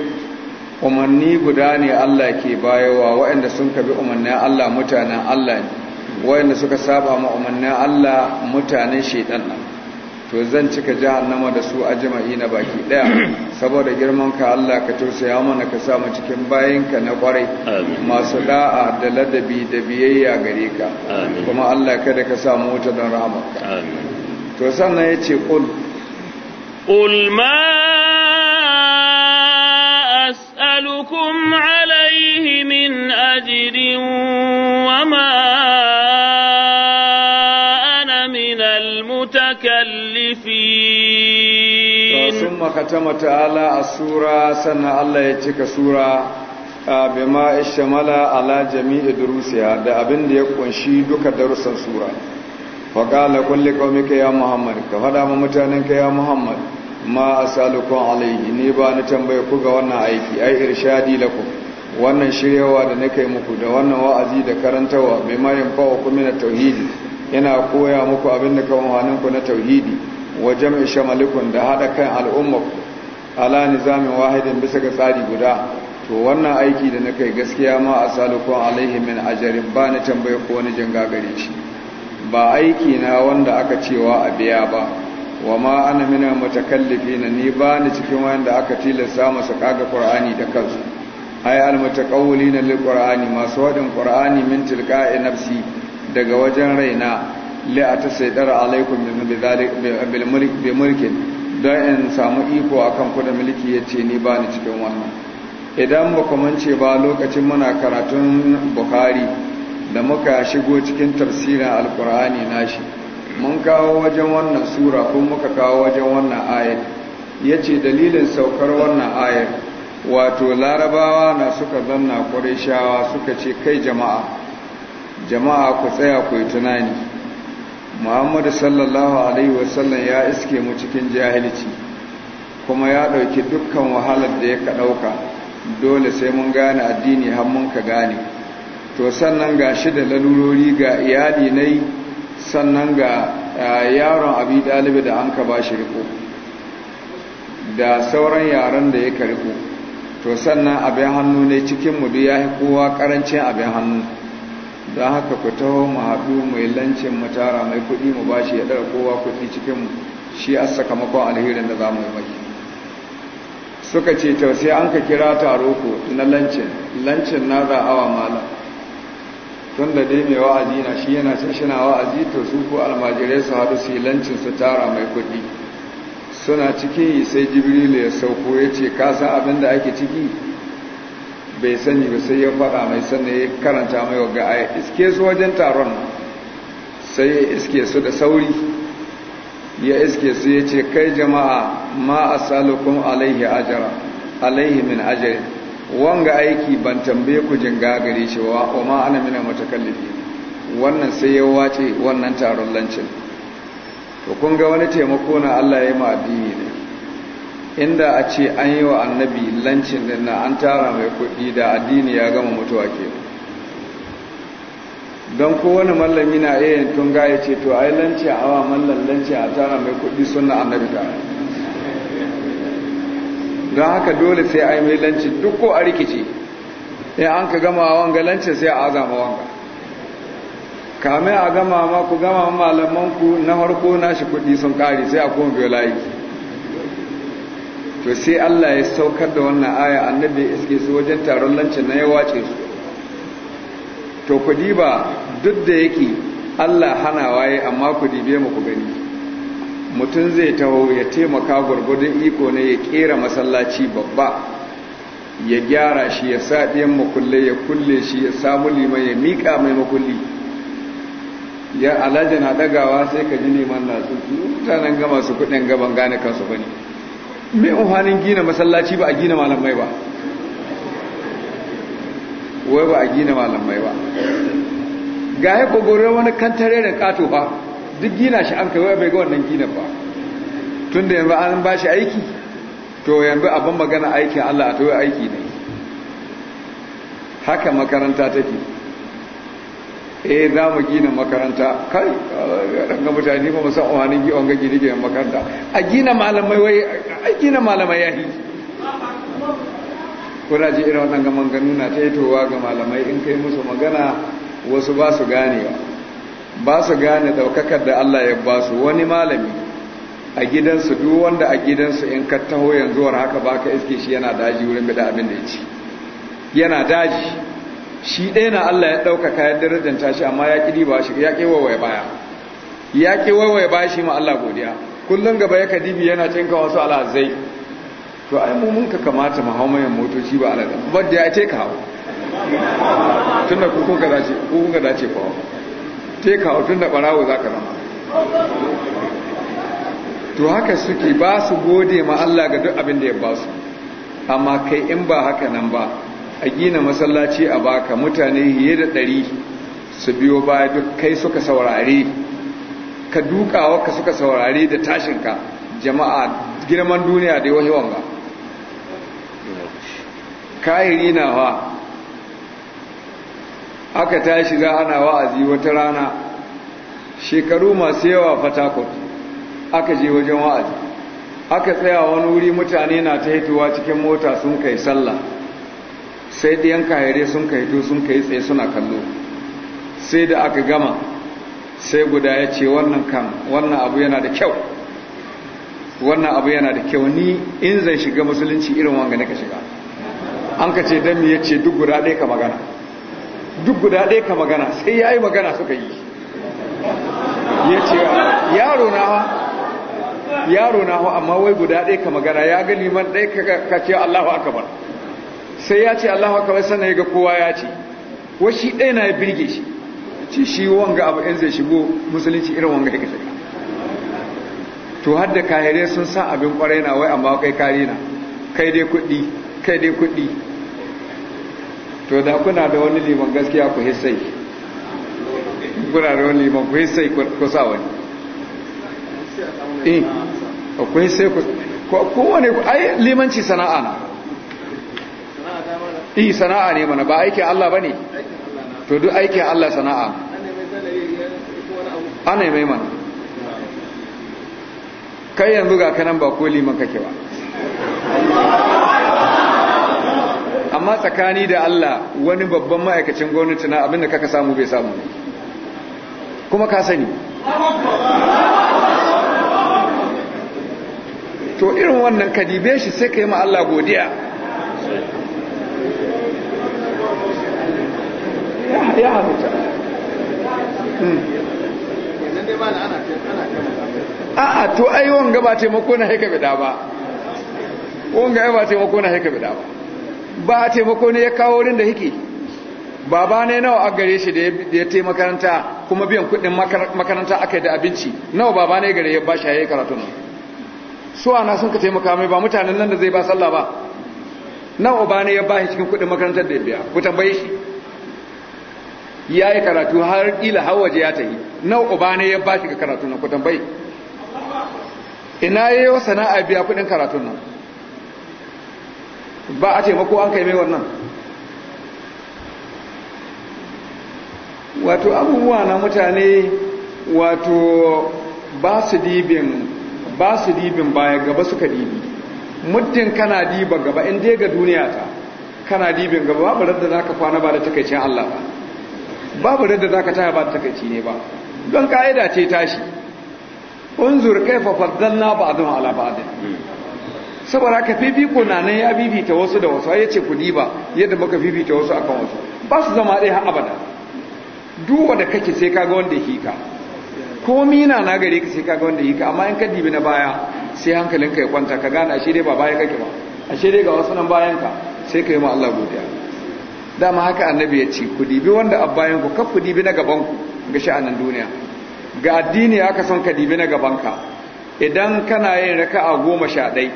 umarni guda ne Allah ke bayowa waɗanda sun kabi umarnin Allah mutanen Allah ne waɗanda suka saba ma umarnin Allah mutanen shaidan nan to zan cika jahannama da su ajma'i na baki daya saboda girman ka Allah ka tausaya mana ka sa mu cikin bayinka na kwarai masu da'a da ladabi da biyayya gare ka kuma Allah kada ka sa mu wuta don rahamarka to sannan yace qul qul ma as'alukum alayhi min ajrin wa ma thumma katama a sura sannan Allah ya cika sura ma ishmala ala jami'i durusiha da abin da ya kunshi duka darussan sura fa qala kulli qaumika ya muhammad ka fada ma mutanenka ya muhammad ma asalukum alayhi ni ba ni tambaye ku ga wannan aiki ai irshadi lakum wannan shiryawa da nake muku da wannan wa'azi da karantawa bima yanfa'u kuma na tauhidi yana koya muku abin da kawan ku na tauhidi Wajen jam'i shamalikun da haɗa kan al'ummar ala nizamin wahidin bisa ga tsari guda to wannan aiki da na kai gaskiya ma a salukun alaihi min jarin ba na tambaye ko wani jin gagare shi ba aiki na wanda aka cewa a biya ba wa ma ana mina matakallifi na ni ba ni cikin wanda aka tilasta masa kaga qur'ani da kansu ai al mutaqawwilina lil qur'ani masu wadin qur'ani min tilqa'i nafsi daga wajen raina la ta saidara alaikum bi mulki don in samu iko akan ku da mulki yace ni ba ni cikin wannan idan ba ku mance ba lokacin muna karatun Buhari da muka shigo cikin tafsirin alkur'ani nashi mun kawo wajen wannan sura ko muka kawo wajen wannan Ya yace dalilin saukar wannan ayat wato larabawa na suka zanna ƙurishawa suka ce kai jama'a jama'a ku tsaya ku yi tunani muhammadu sallallahu alaihi wasallam ya iske mu cikin jahilci kuma ya ɗauki dukkan wahalar da ya ka ɗauka dole sai mun gane addini har mun ka gane to sannan ga shi da lalurori ga iyali nai sannan ga yaron abi dalibi da an ka ba shi riko da sauran yaran da ya ka riko to sannan abin hannu ne cikin mu duk ya kowa ƙarancin abin hannu Da haka ku taho mu haɗu mai lancin mu tara mai kuɗi mu ba shi ya ɗara kowa kuɗi cikin mu shi a sakamakon alherin da za mu yi mai suka ce to sai an ka kira taro ku na lancin lancin na za awa malam tun da dai mai wa'azi na shi yana can shi na wa'azi to su ko almajirai su haɗu su yi lancin su tara mai kuɗi suna ciki yi sai jibrilu ya sauko ya ce ka san abin da ake ciki bai sani ba sai ya faɗa mai sannan ya karanta mai waga aya iske su wajen taron sai ya iske su da sauri ya iske su ya ce kai jama'a ma asalukum alaihi ajara alaihi min ajari wanga aiki ban tambaye ku jinga gare shi wa wa ma ana mina mutakallifi wannan sai ya wace wannan taron lancin to kun ga wani taimako na Allah ya ma addini ne inda a ce an yi wa annabi lancin din na an tara mai kuɗi da addini ya gama mutuwa ke don kowane mallami na iya yin tunga ya ce to a yi lanci a awa mallan lanci a tara mai kuɗi suna annabi ta don haka dole sai a yi mai lanci duk ko a rikici ya an ka gama wanga lancin sai a azama wanga kame a gama ma ku gama malamanku na harko nashi kuɗi sun kare sai a kuma biyo layi to sai Allah ya saukar da wannan aya annabi iske su wajen taron lancin na ya wace su to ku diba duk da yake Allah hana waye amma ku dibe mu ku gani mutum zai taho ya taimaka gurgudun iko ne ya kera masallaci babba ya gyara shi ya sa ɗiyan makulle ya kulle shi ya samu liman ya miƙa mai makulli ya Alhaji na ɗagawa sai ka ji neman na mutanen gama su kuɗin gaban gane kansu bane mai umarnin gina masallaci ba a gina malamai ba wai ba a gina malamai ba ga ya kogoro wani kantare da kato ba duk gina shi an kai bai ga wannan gina ba tun da yanzu an ba shi aiki to yanzu abin magana aikin allah a towa aiki ne haka makaranta take eh za mu gina makaranta kai ga mutane ba musan umarnin giwon ga gini gina makaranta a gina malamai wai a gina malamai ya yi kuna ji irin wannan gaman ganuna ta ga malamai in kai musu magana wasu ba su ganewa ba su gane daukakar da Allah ya ba su wani malami a gidansu duk wanda a gidansu in ka taho yanzu war haka baka iske shi yana daji wurin bida abin da ya ci yana daji shi ɗaya na Allah ya ɗaukaka ya darajanta shi amma ya ƙi ba shi ya ƙi wawaye baya ya ƙi wawaye baya shi ma Allah godiya kullum gaba ya kadibi yana cinka wasu alazai to ai mu mun ka kamata mu hau mayan motoci ba ba da ya ce ka hau tun da kukun ka dace kukun ka dace fa te ka hau tun da ɓarawo za ka zama to haka suke ba su gode ma Allah ga duk abin da ya ba su amma kai in ba haka nan ba a gina masallaci a baka mutane hiye da ɗari su biyo baya duk kai suka saurare ka dukawa ka suka saurare da tashinka jama'a girman duniya da yawan wanga kayiri na wa aka tashi za ana wa'azi wata rana shekaru masu yawa fatakot aka je wajen wa'azi aka tsaya wani wuri mutane na ta hituwa cikin mota sun kai sallah sai yan kayare sun ka hito sun ka yi tsaye suna kallo sai da aka gama sai guda ya ce wannan kan wannan abu yana da kyau wannan abu yana da kyau ni in zai shiga musulunci irin wanga na ka shiga an ka ce dami ya ce duk guda ɗaya ka magana duk guda ɗaya ka magana sai ya yi magana suka yi ya ce yaro na ha yaro na ha amma wai guda ɗaya ka magana ya gani man ɗaya ka ce allahu akabar sai ya ce Allahu akbar sannan ya ga kowa ya ce shi ɗaya na ya birge shi ce shi wanga abu in zai shigo musulunci irin wanga yake shiga to har da kahire sun sa abin kwarai na wai amma kai kari na kai dai kuɗi kai dai kuɗi to da kuna da wani liman gaskiya ku hissai kuna da wani liman ku hissai ku sa wani eh ku hissai ku kowane ai limanci sana'a na eh sana'a ne mana ba aikin Allah ba ne? to duk aikin Allah sana'a ana mai mana kai yanzu ga kanan ba koli liman kake ba amma tsakani da Allah wani babban ma'aikacin gwamnati na abinda kaka samu bai samu kuma ka sani to irin wannan kadibe shi sai ka yi ma Allah godiya ya halitta hmm. a'a to ai wanga ba taimako na haika bida ba wanga ai ba taimako na haika bida ba ba taimako ne ya kawo wurin da hiki baba ne nawa a gare shi da ya taimaka makaranta kuma biyan kudin makaranta aka yi da abinci nawa baba ne gare ya ba shi haika karatu nan su ana sun ka taimaka mai ba mutanen nan da zai ba sallah ba nawa ba ne ya ba shi cikin kudin makarantar da ya biya ku tambaye shi ya yi karatu har ila hawaje ya yi nawa uba ne ya ba shi ga karatu na ku tambayi ina yi wa sana'a biya kudin karatu nan ba a taimako an kai mai wannan wato abubuwa na mutane wato ba su dibin ba su dibin baya gaba suka dibi muddin kana diba gaba in dai ga duniya ta kana dibin gaba ba da za ka kwana ba da takaicin Allah ba babu radda za ka taya ba kaci ne ba don ka'ida ce tashi unzur kaifa faddalna a zama ba'd saboda ka fifiko na nan ya bibita wasu da wasu ya ce ku ba yadda muka fifita wasu akan wasu ba su zama ɗaya har abada duwa da kake sai kaga wanda yake ka ko mina na gare ka sai kaga wanda yake amma in ka dibi na baya sai hankalinka ya kwanta ka gane ashe dai ba baya kake ba ashe dai ga wasu nan bayan ka sai ka yi ma Allah godiya dama haka annabi ya ce ku dibi wanda abbayan ku kaf ku dibi na gaban ku ga sha'anin duniya ga addini aka son ka dibi na gabanka idan kana yin raka'a goma sha ɗai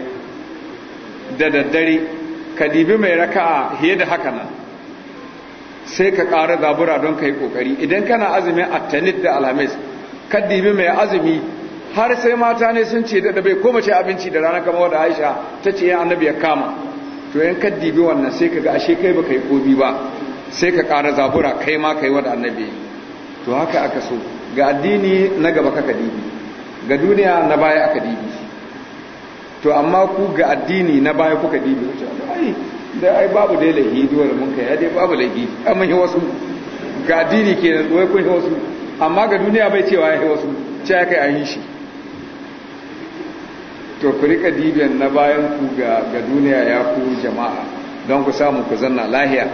da daddare ka dibi mai raka'a fiye da haka nan sai ka ƙara zabura don ka yi ƙoƙari idan kana azumin attanit da alhamis ka dibi mai azumi har sai mata ne sun ce da bai koma ce abinci da rana kamar wadda aisha ta ce yin annabi ya kama to yan ka dibi wannan sai ka ga ashe kai baka yi kobi ba sai ka ƙara zabura kai ma kai wada annabi to haka aka so ga addini na gaba kaka dibi ga duniya na baya aka dibi to amma ku ga addini na baya kuka dibi ai da ai babu dai lahi duwar mun kai dai babu lahi amma yi wasu ga addini kenan wai kun yi wasu amma ga duniya bai cewa yi wasu cewa kai an yi shi to ku rika dibiyan na bayan ku ga duniya ya ku jama'a don ku samu ku zanna lahiya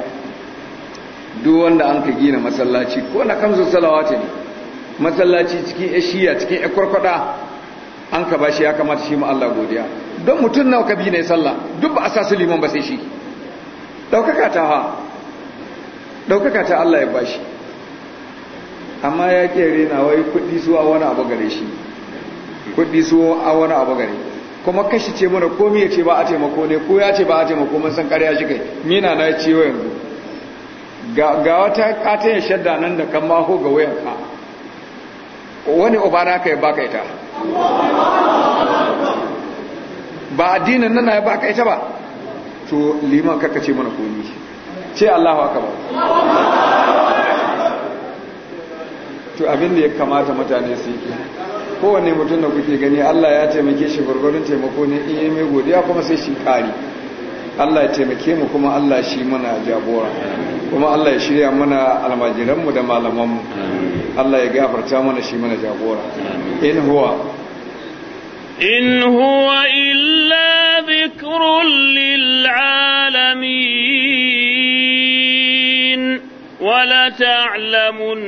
duk wanda an ka gina masallaci ko na kamsu salawati ne masallaci cikin ashiya cikin ekwarkwada an ka bashi ya kamata shi ma'alla Allah godiya don mutum nawa ka bi ne sallah duk ba a sa su liman ba sai shi daukaka ta ha daukaka ta Allah ya bashi amma ya ke na wai kudi suwa wani abu gare shi kudi suwa wani abu gare kuma kashi ce mana komi ya ce ba a taimako ne ko ya ce ba a taimako mun san karya shi kai mina na ya ce wa yanzu ga wata katin shadda nan da kan maho ga wayanka wani ubana ka ya baka ita ba addinin nan na ya baka ita ba to liman kaka ce mana komi ce Allahu ba to abin da ya kamata mutane su yi kowanne mutum da kuke gani Allah ya taimake shi gwargwarin taimako ne in yi mai godiya kuma sai shi kari Allah ya taimake mu kuma Allah shi mana jagora kuma Allah ya shirya mana almajiranmu da malamanmu Allah ya gafarta mana shi mana jagora in huwa in huwa illa zikrun lil ولتعلمن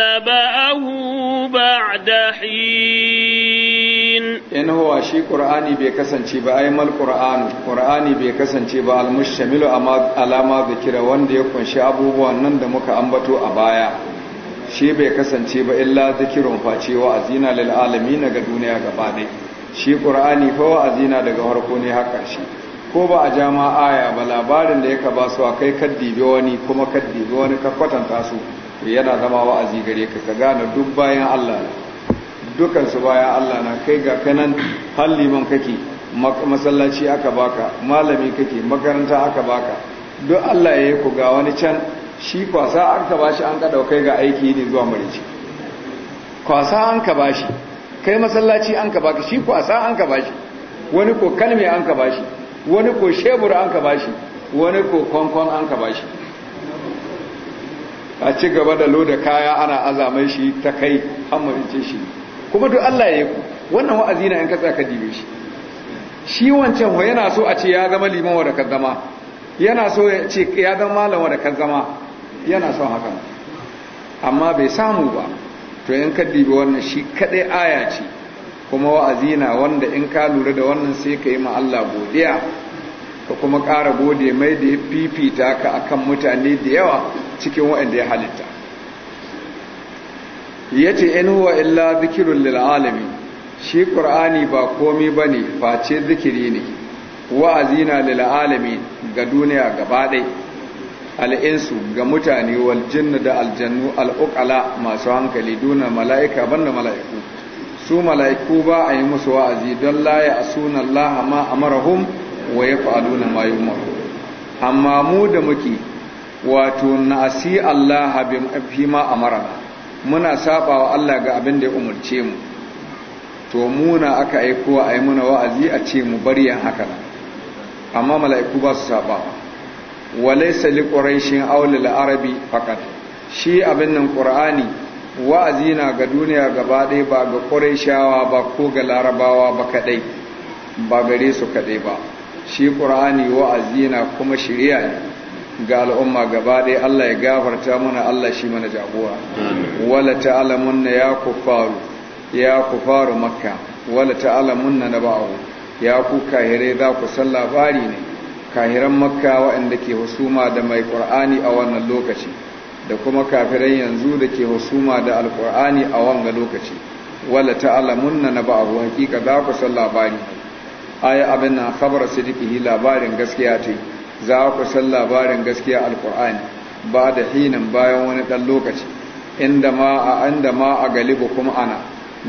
نبأه بعد حين إن هو شي قرآني بيكسن شي بأيما القرآن قرآني بيكسن شي بالمشتمل على ما ذكر وان يكون شي أبوه وانن أنبتو أبايا shi bai kasance ba illa zikirun face wa'azina lil alamin ga duniya gaba ne shi qur'ani fa wa'azina daga farko ne har ƙarshe ko ba a jama'a ya ba labarin da yaka ba su a kai kaddibe wani kuma kaddibe wani ka kwatanta su yana zama wa'azi gare ka ka gane duk bayan Allah su bayan Allah na kai ga kanan halliman kake masallaci aka baka malami kake makaranta aka baka duk Allah ya yi ku ga wani can shi kwasa an ka bashi an ka daukai ga aiki ne zuwa marici kwasa an ka bashi kai masallaci an ka baka shi kwasa an ka bashi wani ko kalme an ka bashi wani ko shebur an ka bashi wani ko kwankwan an ka bashi a ci gaba da loda kaya ana azamai shi ta kai hamurince shi kuma duk Allah ya yi wannan wa'azi na in ka tsaka dibe shi shi wancan ho yana so a ce ya zama liman wa da zama, yana so ya ce ya zama malam wa da zama, yana son hakan amma bai samu ba to in ka dibe wannan shi kadai aya ce kuma wa'azi na wanda in ka lura da wannan sai ka yi ma Allah godiya ka kuma ƙara gode mai da ya fifita ka a kan mutane da yawa cikin waɗanda ya halitta yace in huwa illa zikirun lil'alami shi Kur'ani ba komi ba ne face zikiri ne wa'azi na ga duniya gaba ɗaya al'insu ga mutane waljin da aljannu al'ukala masu hankali duna mala'ika banda mala'iku su mala'iku ba a yi musu wa'azi don la ya asuna Allah ma amarahum wa yaf'aluna ma yu'maru amma mu da muke wato asi Allah fi ma amara muna wa Allah ga abin da ya umarce mu to mu na aka aiko a yi muna wa'azi a ce mu bari yan haka nan amma mala'iku ba su saba wa laysa li quraishin arabi fakat shi abin nan qur'ani wa'azi na ga duniya gaba ɗaya ba ga shawa ba ko ga larabawa ba kaɗai ba gare su kaɗai ba shi ƙur'ani wa'azi na kuma shirya ne ga al'umma gaba ɗaya Allah ya gafarta mana Allah shi mana jagora wala na ya kufaru ya faru makka wala na ba'u ya ku kahire za ku san labari ne kahiran makka waɗanda ke husuma da mai ƙur'ani a wannan lokaci da kuma kafirai yanzu da ke husuma da alkur'ani a wanga lokaci wala ta'lamunna na ba'ahu hakika za ku san labari ayi abin na khabar sidiqihi labarin gaskiya ce za ku san labarin gaskiya alkur'ani ba da hinan bayan wani dan lokaci inda ma a inda ma a galibu kuma ana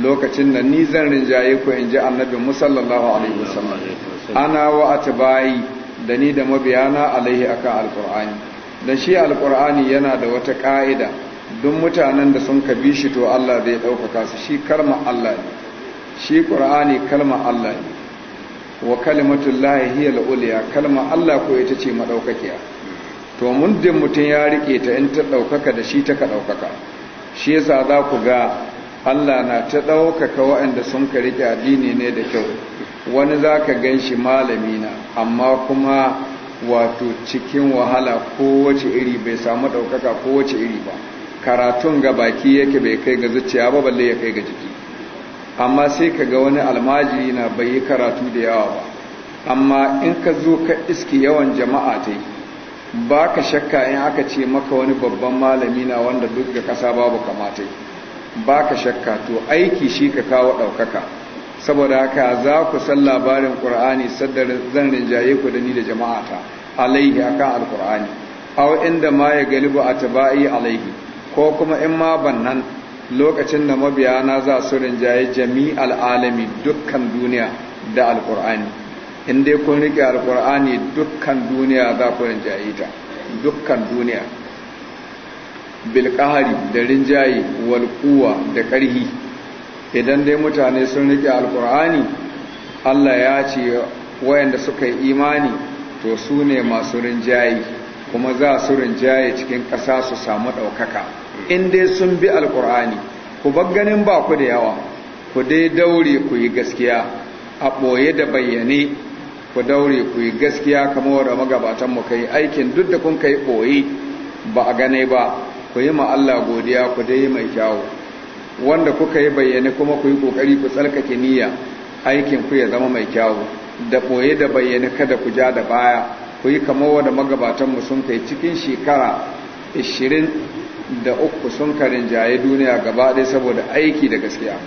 lokacin da ni zan rinjaye ku in ji annabi musallallahu alaihi wasallam ana wa atba'i da ni da mabiyana alaihi akan alkur'ani Da shi Alƙur'ani yana da wata ƙa'ida don mutanen da sun kabi shi to Allah zai ɗaukaka su shi kalma Allah ne shi ƙur'ani kalma Allah ne wa kalimatun lahiya la'uliya kalma Allah ko ita ce maɗaukakiya to mundin mutum ya riƙe ta in ta ɗaukaka da shi ta ka ɗaukaka shi yasa za ku ga Allah na ta ɗaukaka waɗanda sun ka riƙe addini ne da kyau wani za ka gan shi malami na amma kuma wato cikin wahala kowace iri bai samu ɗaukaka kowace iri ba karatun ga baki yake bai kai ga zuciya ba balle ya kai ga jiki amma sai ka ga wani almajiri na bai yi karatu da yawa ba amma in ka zo ka iski yawan jama'a ta yi ba ka shakka in aka ce maka wani babban malami na wanda duk da kasa babu kamata ba ka shakka to aiki shi ka kawo ɗaukaka saboda haka za ku san labarin ƙur'ani saddar zan rinjaye ku da ni da jama'ata alaihi akan alƙur'ani a inda ma ya galibu taba'i alaihi ko kuma in ma ban nan lokacin da mabiya na za su rinjaye jami alami dukkan duniya da alƙur'ani in dai kun riƙe alƙur'ani dukkan duniya za ku rinjaye ta dukkan duniya bilkahari da rinjaye walƙuwa da ƙarhi idan dai mutane sun rike alkur'ani Allah ya ce wayanda suka yi imani to su ne masu rinjaye kuma za su rinjaye cikin ƙasa su samu ɗaukaka in dai sun bi alkur'ani ku ganin ba ku da yawa ku dai daure ku yi gaskiya a ɓoye da bayyane ku daure ku yi gaskiya kamar wadda magabatan mu kai aikin duk da kun kai ɓoye ba a gane ba ku yi ma Allah godiya ku dai mai kyawu wanda kuka yi bayyane kuma ku yi kokari ku tsarkake niyya aikin ku ya zama mai kyawu da ɓoye da bayyane kada ku ja da baya ku yi kamar wanda magabatan mu sun kai cikin shekara 20 da uku sun ka rinjaye duniya gaba ɗaya saboda aiki da gaskiya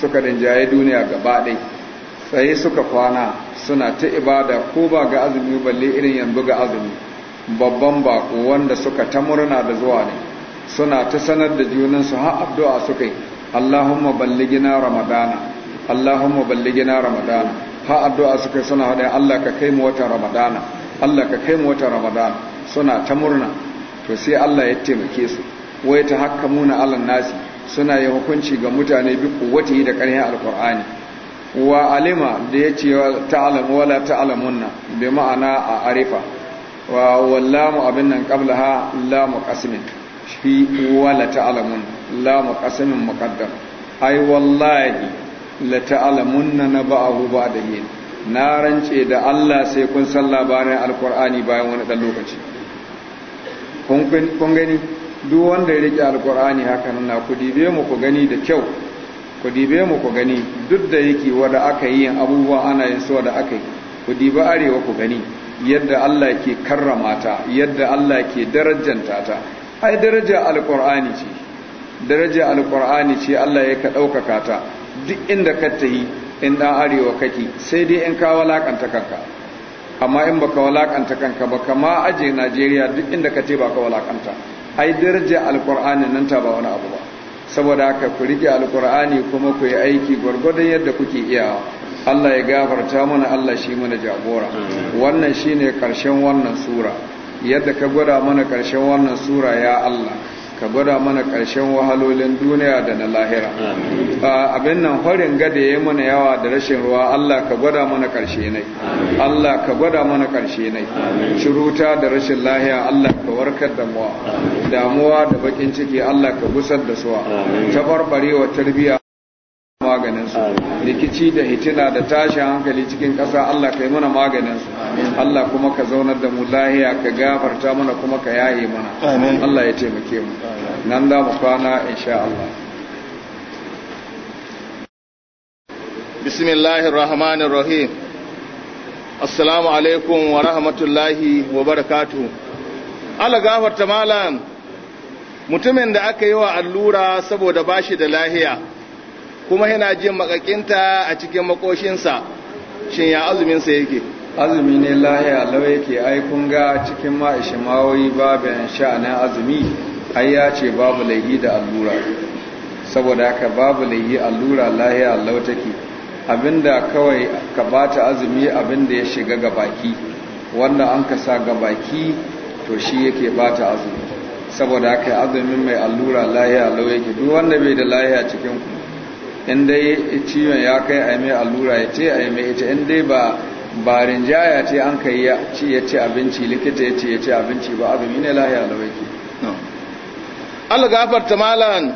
suka rinjaye duniya gaba ɗaya tsaye suka kwana suna ta ibada ko ba ga azumi balle irin yanzu ga azumi babban bako wanda suka ta murna da zuwa ne suna ta sanar da junansu har addu'a suka yi Allahumma balligina ramadana Allahumma balligina ramadana har addu'a suka suna haɗe Allah ka kai mu watan ramadana Allah ka kai mu watan ramadana suna ta murna to sai Allah ya taimake su wai ta hakka muna Allah nasi suna yi hukunci ga mutane bi kuwati da ƙarfin alkur'ani wa alima da ya ce ta'alamu wala ta'alamunna bi ma'ana a arifa wa wallamu abin nan qablaha lamu qasmin fi wala ta'lamun la muqasamin muqaddam ai wallahi la ta'lamunna naba'ahu ba'da yin na rance da Allah sai kun san labarin alqur'ani bayan wani dan lokaci kun gani duk wanda ya rike alqur'ani haka nan ku dibe mu ku gani da kyau ku dibe mu ku gani duk da yake wanda aka yi abubuwa ana yin so da aka yi ku dibe arewa ku gani yadda Allah ke karramata, yadda Allah ke darajanta ta ai daraja alkur'ani ce daraja alkur'ani ce Allah ya ka ɗaukaka ta duk inda ka tahi in dan arewa kake sai dai in ka walakanta kanka amma in baka walakanta kanka ba kama aje Najeriya duk inda ka ce baka walakanta ai daraja alkur'ani nan ta ba wani abu ba saboda haka ku rike alkur'ani kuma ku yi aiki gurgurdan yadda kuke iya. Allah ya gafarta mana Allah shi mana jagora wannan shine karshen wannan sura yadda ka gwada mana ƙarshen wannan sura ya Allah ka gwada mana ƙarshen wahalolin duniya da na lahira abin nan horin gada ya yi mana yawa da rashin ruwa Allah ka gwada mana ƙarshe ne Allah ka gwada mana ƙarshe nai shiruta da rashin lahiya Allah ka warkar da muwa damuwa da bakin ciki Allah ka gusar da suwa tabarbarewa tarbiyya maganin su rikici da hitina da tashin hankali cikin kasa Allah ka yi mana maganin su Allah kuma ka zaunar da mu lahiya ka gafarta mana kuma ka yaye mana Allah ya taimake mu nan da mu kwana insha Allah bismillahir rahmanir rahim assalamu alaikum wa rahmatullahi wa barakatuh Allah gafarta malam mutumin da aka yi wa allura saboda bashi da lahiya kuma yana jin makakinta a cikin makoshinsa shin ya azuminsa yake azumi ne lahiya lau yake ai kun ga cikin ma'ishin mawoyi babin na azumi ai ya ce babu laihi da allura saboda haka babu laihi allura lahiya lau take abinda kawai ka bata azumi abinda ya shiga ga baki wanda an ka sa ga baki to shi yake bata azumi saboda haka azumin mai allura lahiya lau yake duk wanda bai da lahiya cikin ku in dai ciwon ya kai a mai allura ya ce a mai ita in dai ba barin jaya ce an kai ya ci ya ci abinci likita ya ci ya ci abinci ba azumi ne lahiya lawaki Allah gafarta malan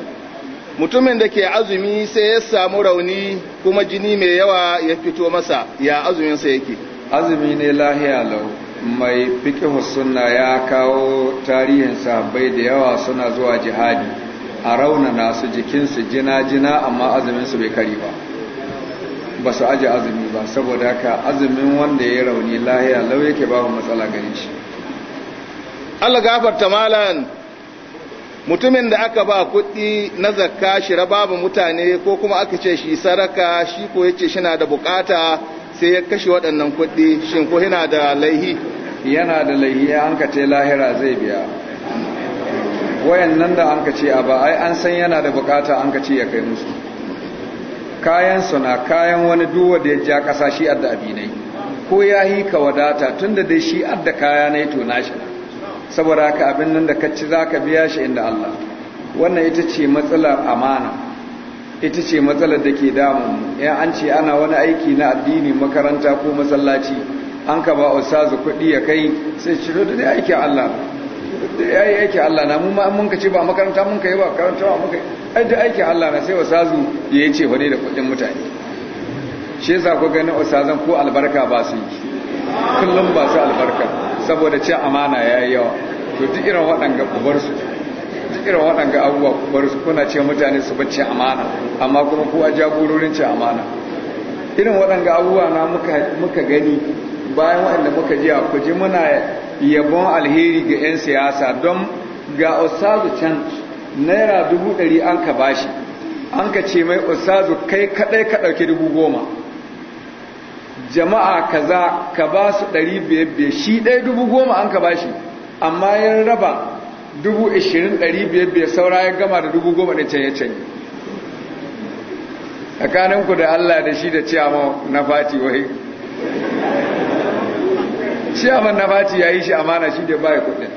mutumin da ke azumi sai ya samu rauni kuma jini mai yawa ya fito masa ya azumin sa yake azumi ne lahiya lau mai fiqh sunna ya kawo tarihin sahabbai da yawa suna zuwa jihadi a raunana su jikinsu jina-jina amma azuminsu bai kari ba ba su aji azumi ba saboda haka azumin wanda ya rauni lahiya lau yake babu matsala gani shi Allah gafarta malan mutumin da aka ba kuɗi na zakka shi babu mutane ko kuma aka ce shi saraka shi ko ce shi na da bukata sai ya kashe waɗannan kuɗi shi ko yana da laihi yana da laihi an ka ce lahira zai biya wayan nan da an ka a ba ai an san yana da bukata an ka ce ya kai musu kayan na kayan wani duwa da ya ja kasa shi adda abinai ko ya yi ka wadata tunda dai shi adda kaya na yi tona saboda haka abin nan da kacci zaka biya shi inda Allah wannan ita ce matsalar amana ita ce matsalar da ke damun in an ce ana wani aiki na addini makaranta ko masallaci an ka ba usazu kuɗi ya kai sai shi da aikin Allah ya yi aiki Allah na mun ma'amun ka ce ba makaranta mun kai ba makaranta ba muka yi ai da aiki Allah na sai wasazu ya ce fa wani da kudin mutane shi yasa ku ganin wasazan ko albarka ba su yi kullum ba su albarka saboda ce amana ya yi yawa to duk irin waɗanga kubar su duk irin waɗanga abubuwa kubar su kuna ce mutane su bacci amana amma kuma ku a jagororin ce amana irin waɗanga abubuwa na muka gani bayan waɗanda muka ji a kuji muna yabon alheri ga 'yan siyasa don ga osazu can naira dubu ɗari an ka bashi an ka ce mai osazu kai kaɗai ka ɗauki dubu goma jama'a kaza ka ba su ɗari biyar biyar shi ɗaya dubu goma an ka bashi amma ya raba dubu ishirin ɗari biyar biyar saura ya gama da dubu goma da can ya canye tsakaninku da Allah da shi da ciyawa na fati wai shi abin na faci ya yi shi amana shi da baya kudin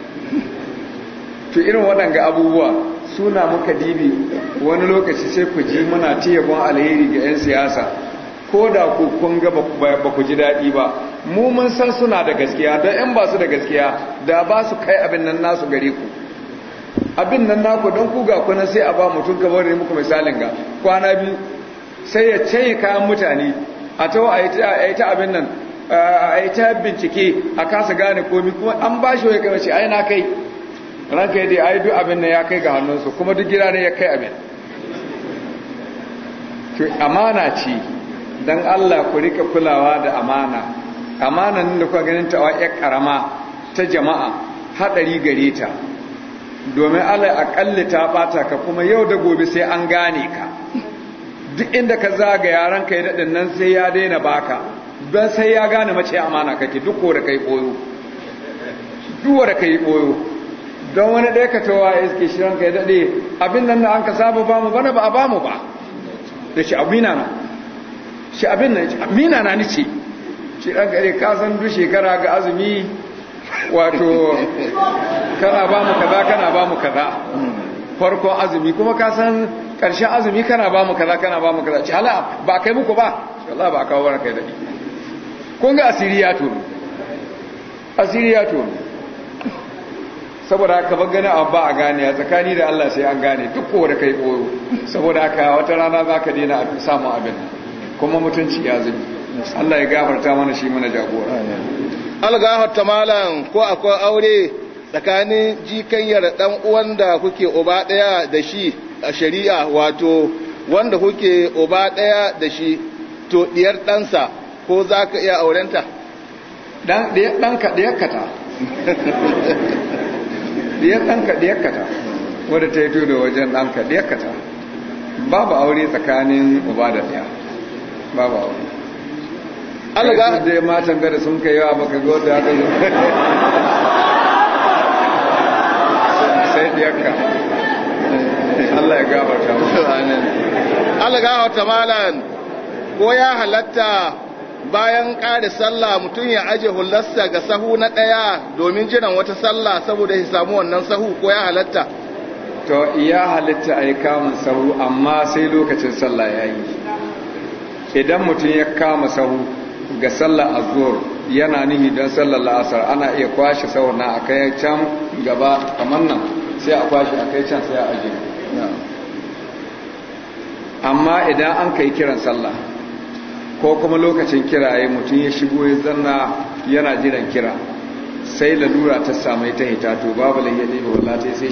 to irin waɗanga abubuwa suna muka dibi wani lokaci sai ku ji muna yabon alheri ga 'yan siyasa ko da ku kun ga ba ku ji daɗi ba mu mun san suna da gaskiya don 'yan ba su da gaskiya da ba su kai abin nan nasu gare ku abin nan naku don ku ga kuna sai a ba mutum kamar da muku misalin ga kwana biyu sai ya canye kayan mutane a tawo a yi ta abin nan a yi ta bincike a kasa gane komi kuma an ba shi wai kai ce ai na kai ranka ai duk abin nan ya kai ga hannunsu kuma duk gida ne ya kai abin to amana ce don Allah ku rika kulawa da amana amana nan da kuka ganin ta ya karama ta jama'a hadari gare ta domin Allah aƙalli ta bata ka kuma yau da gobe sai an gane ka duk inda ka zagaya yaran ka yi daɗin nan sai ya daina baka don sai ya gane mace amana kake duk ko kai koyo duk da kai koyo don wani ɗaya ka tawa ya iske shi ranka ya daɗe abin nan da an ka saba ba mu bana ba a ba mu ba da shi amina na shi abin nan amina na ni ce shi ɗan ya ka san duk shekara ga azumi wato kana ba mu kaza kana ba mu kaza farko azumi kuma ka san ƙarshen azumi kana ba mu kaza kana ba mu kaza ci hala ba kai muku ba Allah ba kawo wani kai daɗi kun ga asiri ya tonu ya saboda haka ban gani abba a gane a tsakani da Allah sai an gane duk kowa da kai koyo saboda haka wata rana za ka dina samun abin kuma mutunci ya zubi Allah ya gafarta mana shi mana jagora Allah gafarta malam ko akwai aure tsakanin jikanyar dan uwan da kuke uba daya da shi a shari'a wato wanda kuke uba daya da shi to diyar ɗansa ko za ka iya aurenta ɗanka ɗiyakkata ɗanka ɗiyakkata wadda ta yi tudu wajen ɗanka ɗiyakkata babu aure tsakanin uba da ɗaya babu aure alaga ga da matan gada sun kai yawa baka ga wadda haka yi sai ɗiyakka Allah ya gafarta Allah ga wata malan ko ya halatta bayan ƙare sallah mutum ya aje hullarsa ga sahu na ɗaya domin jiran wata sallah saboda ya samu wannan sahu ko ya halatta to ya halatta a yi kamun sahu amma sai lokacin sallah ya yi idan mutum ya kama sahu ga sallah zuwar yana nihi don sallar la'asar ana iya kwashe sahu na a kai can gaba kamar nan sai a kwashe a kai can sai a aje amma idan an kai kiran sallah ko kuma lokacin kiraye mutum ya shigo ya zanna yana jiran kira sai lalura ta samu ta hita to babu layyade ba wallata sai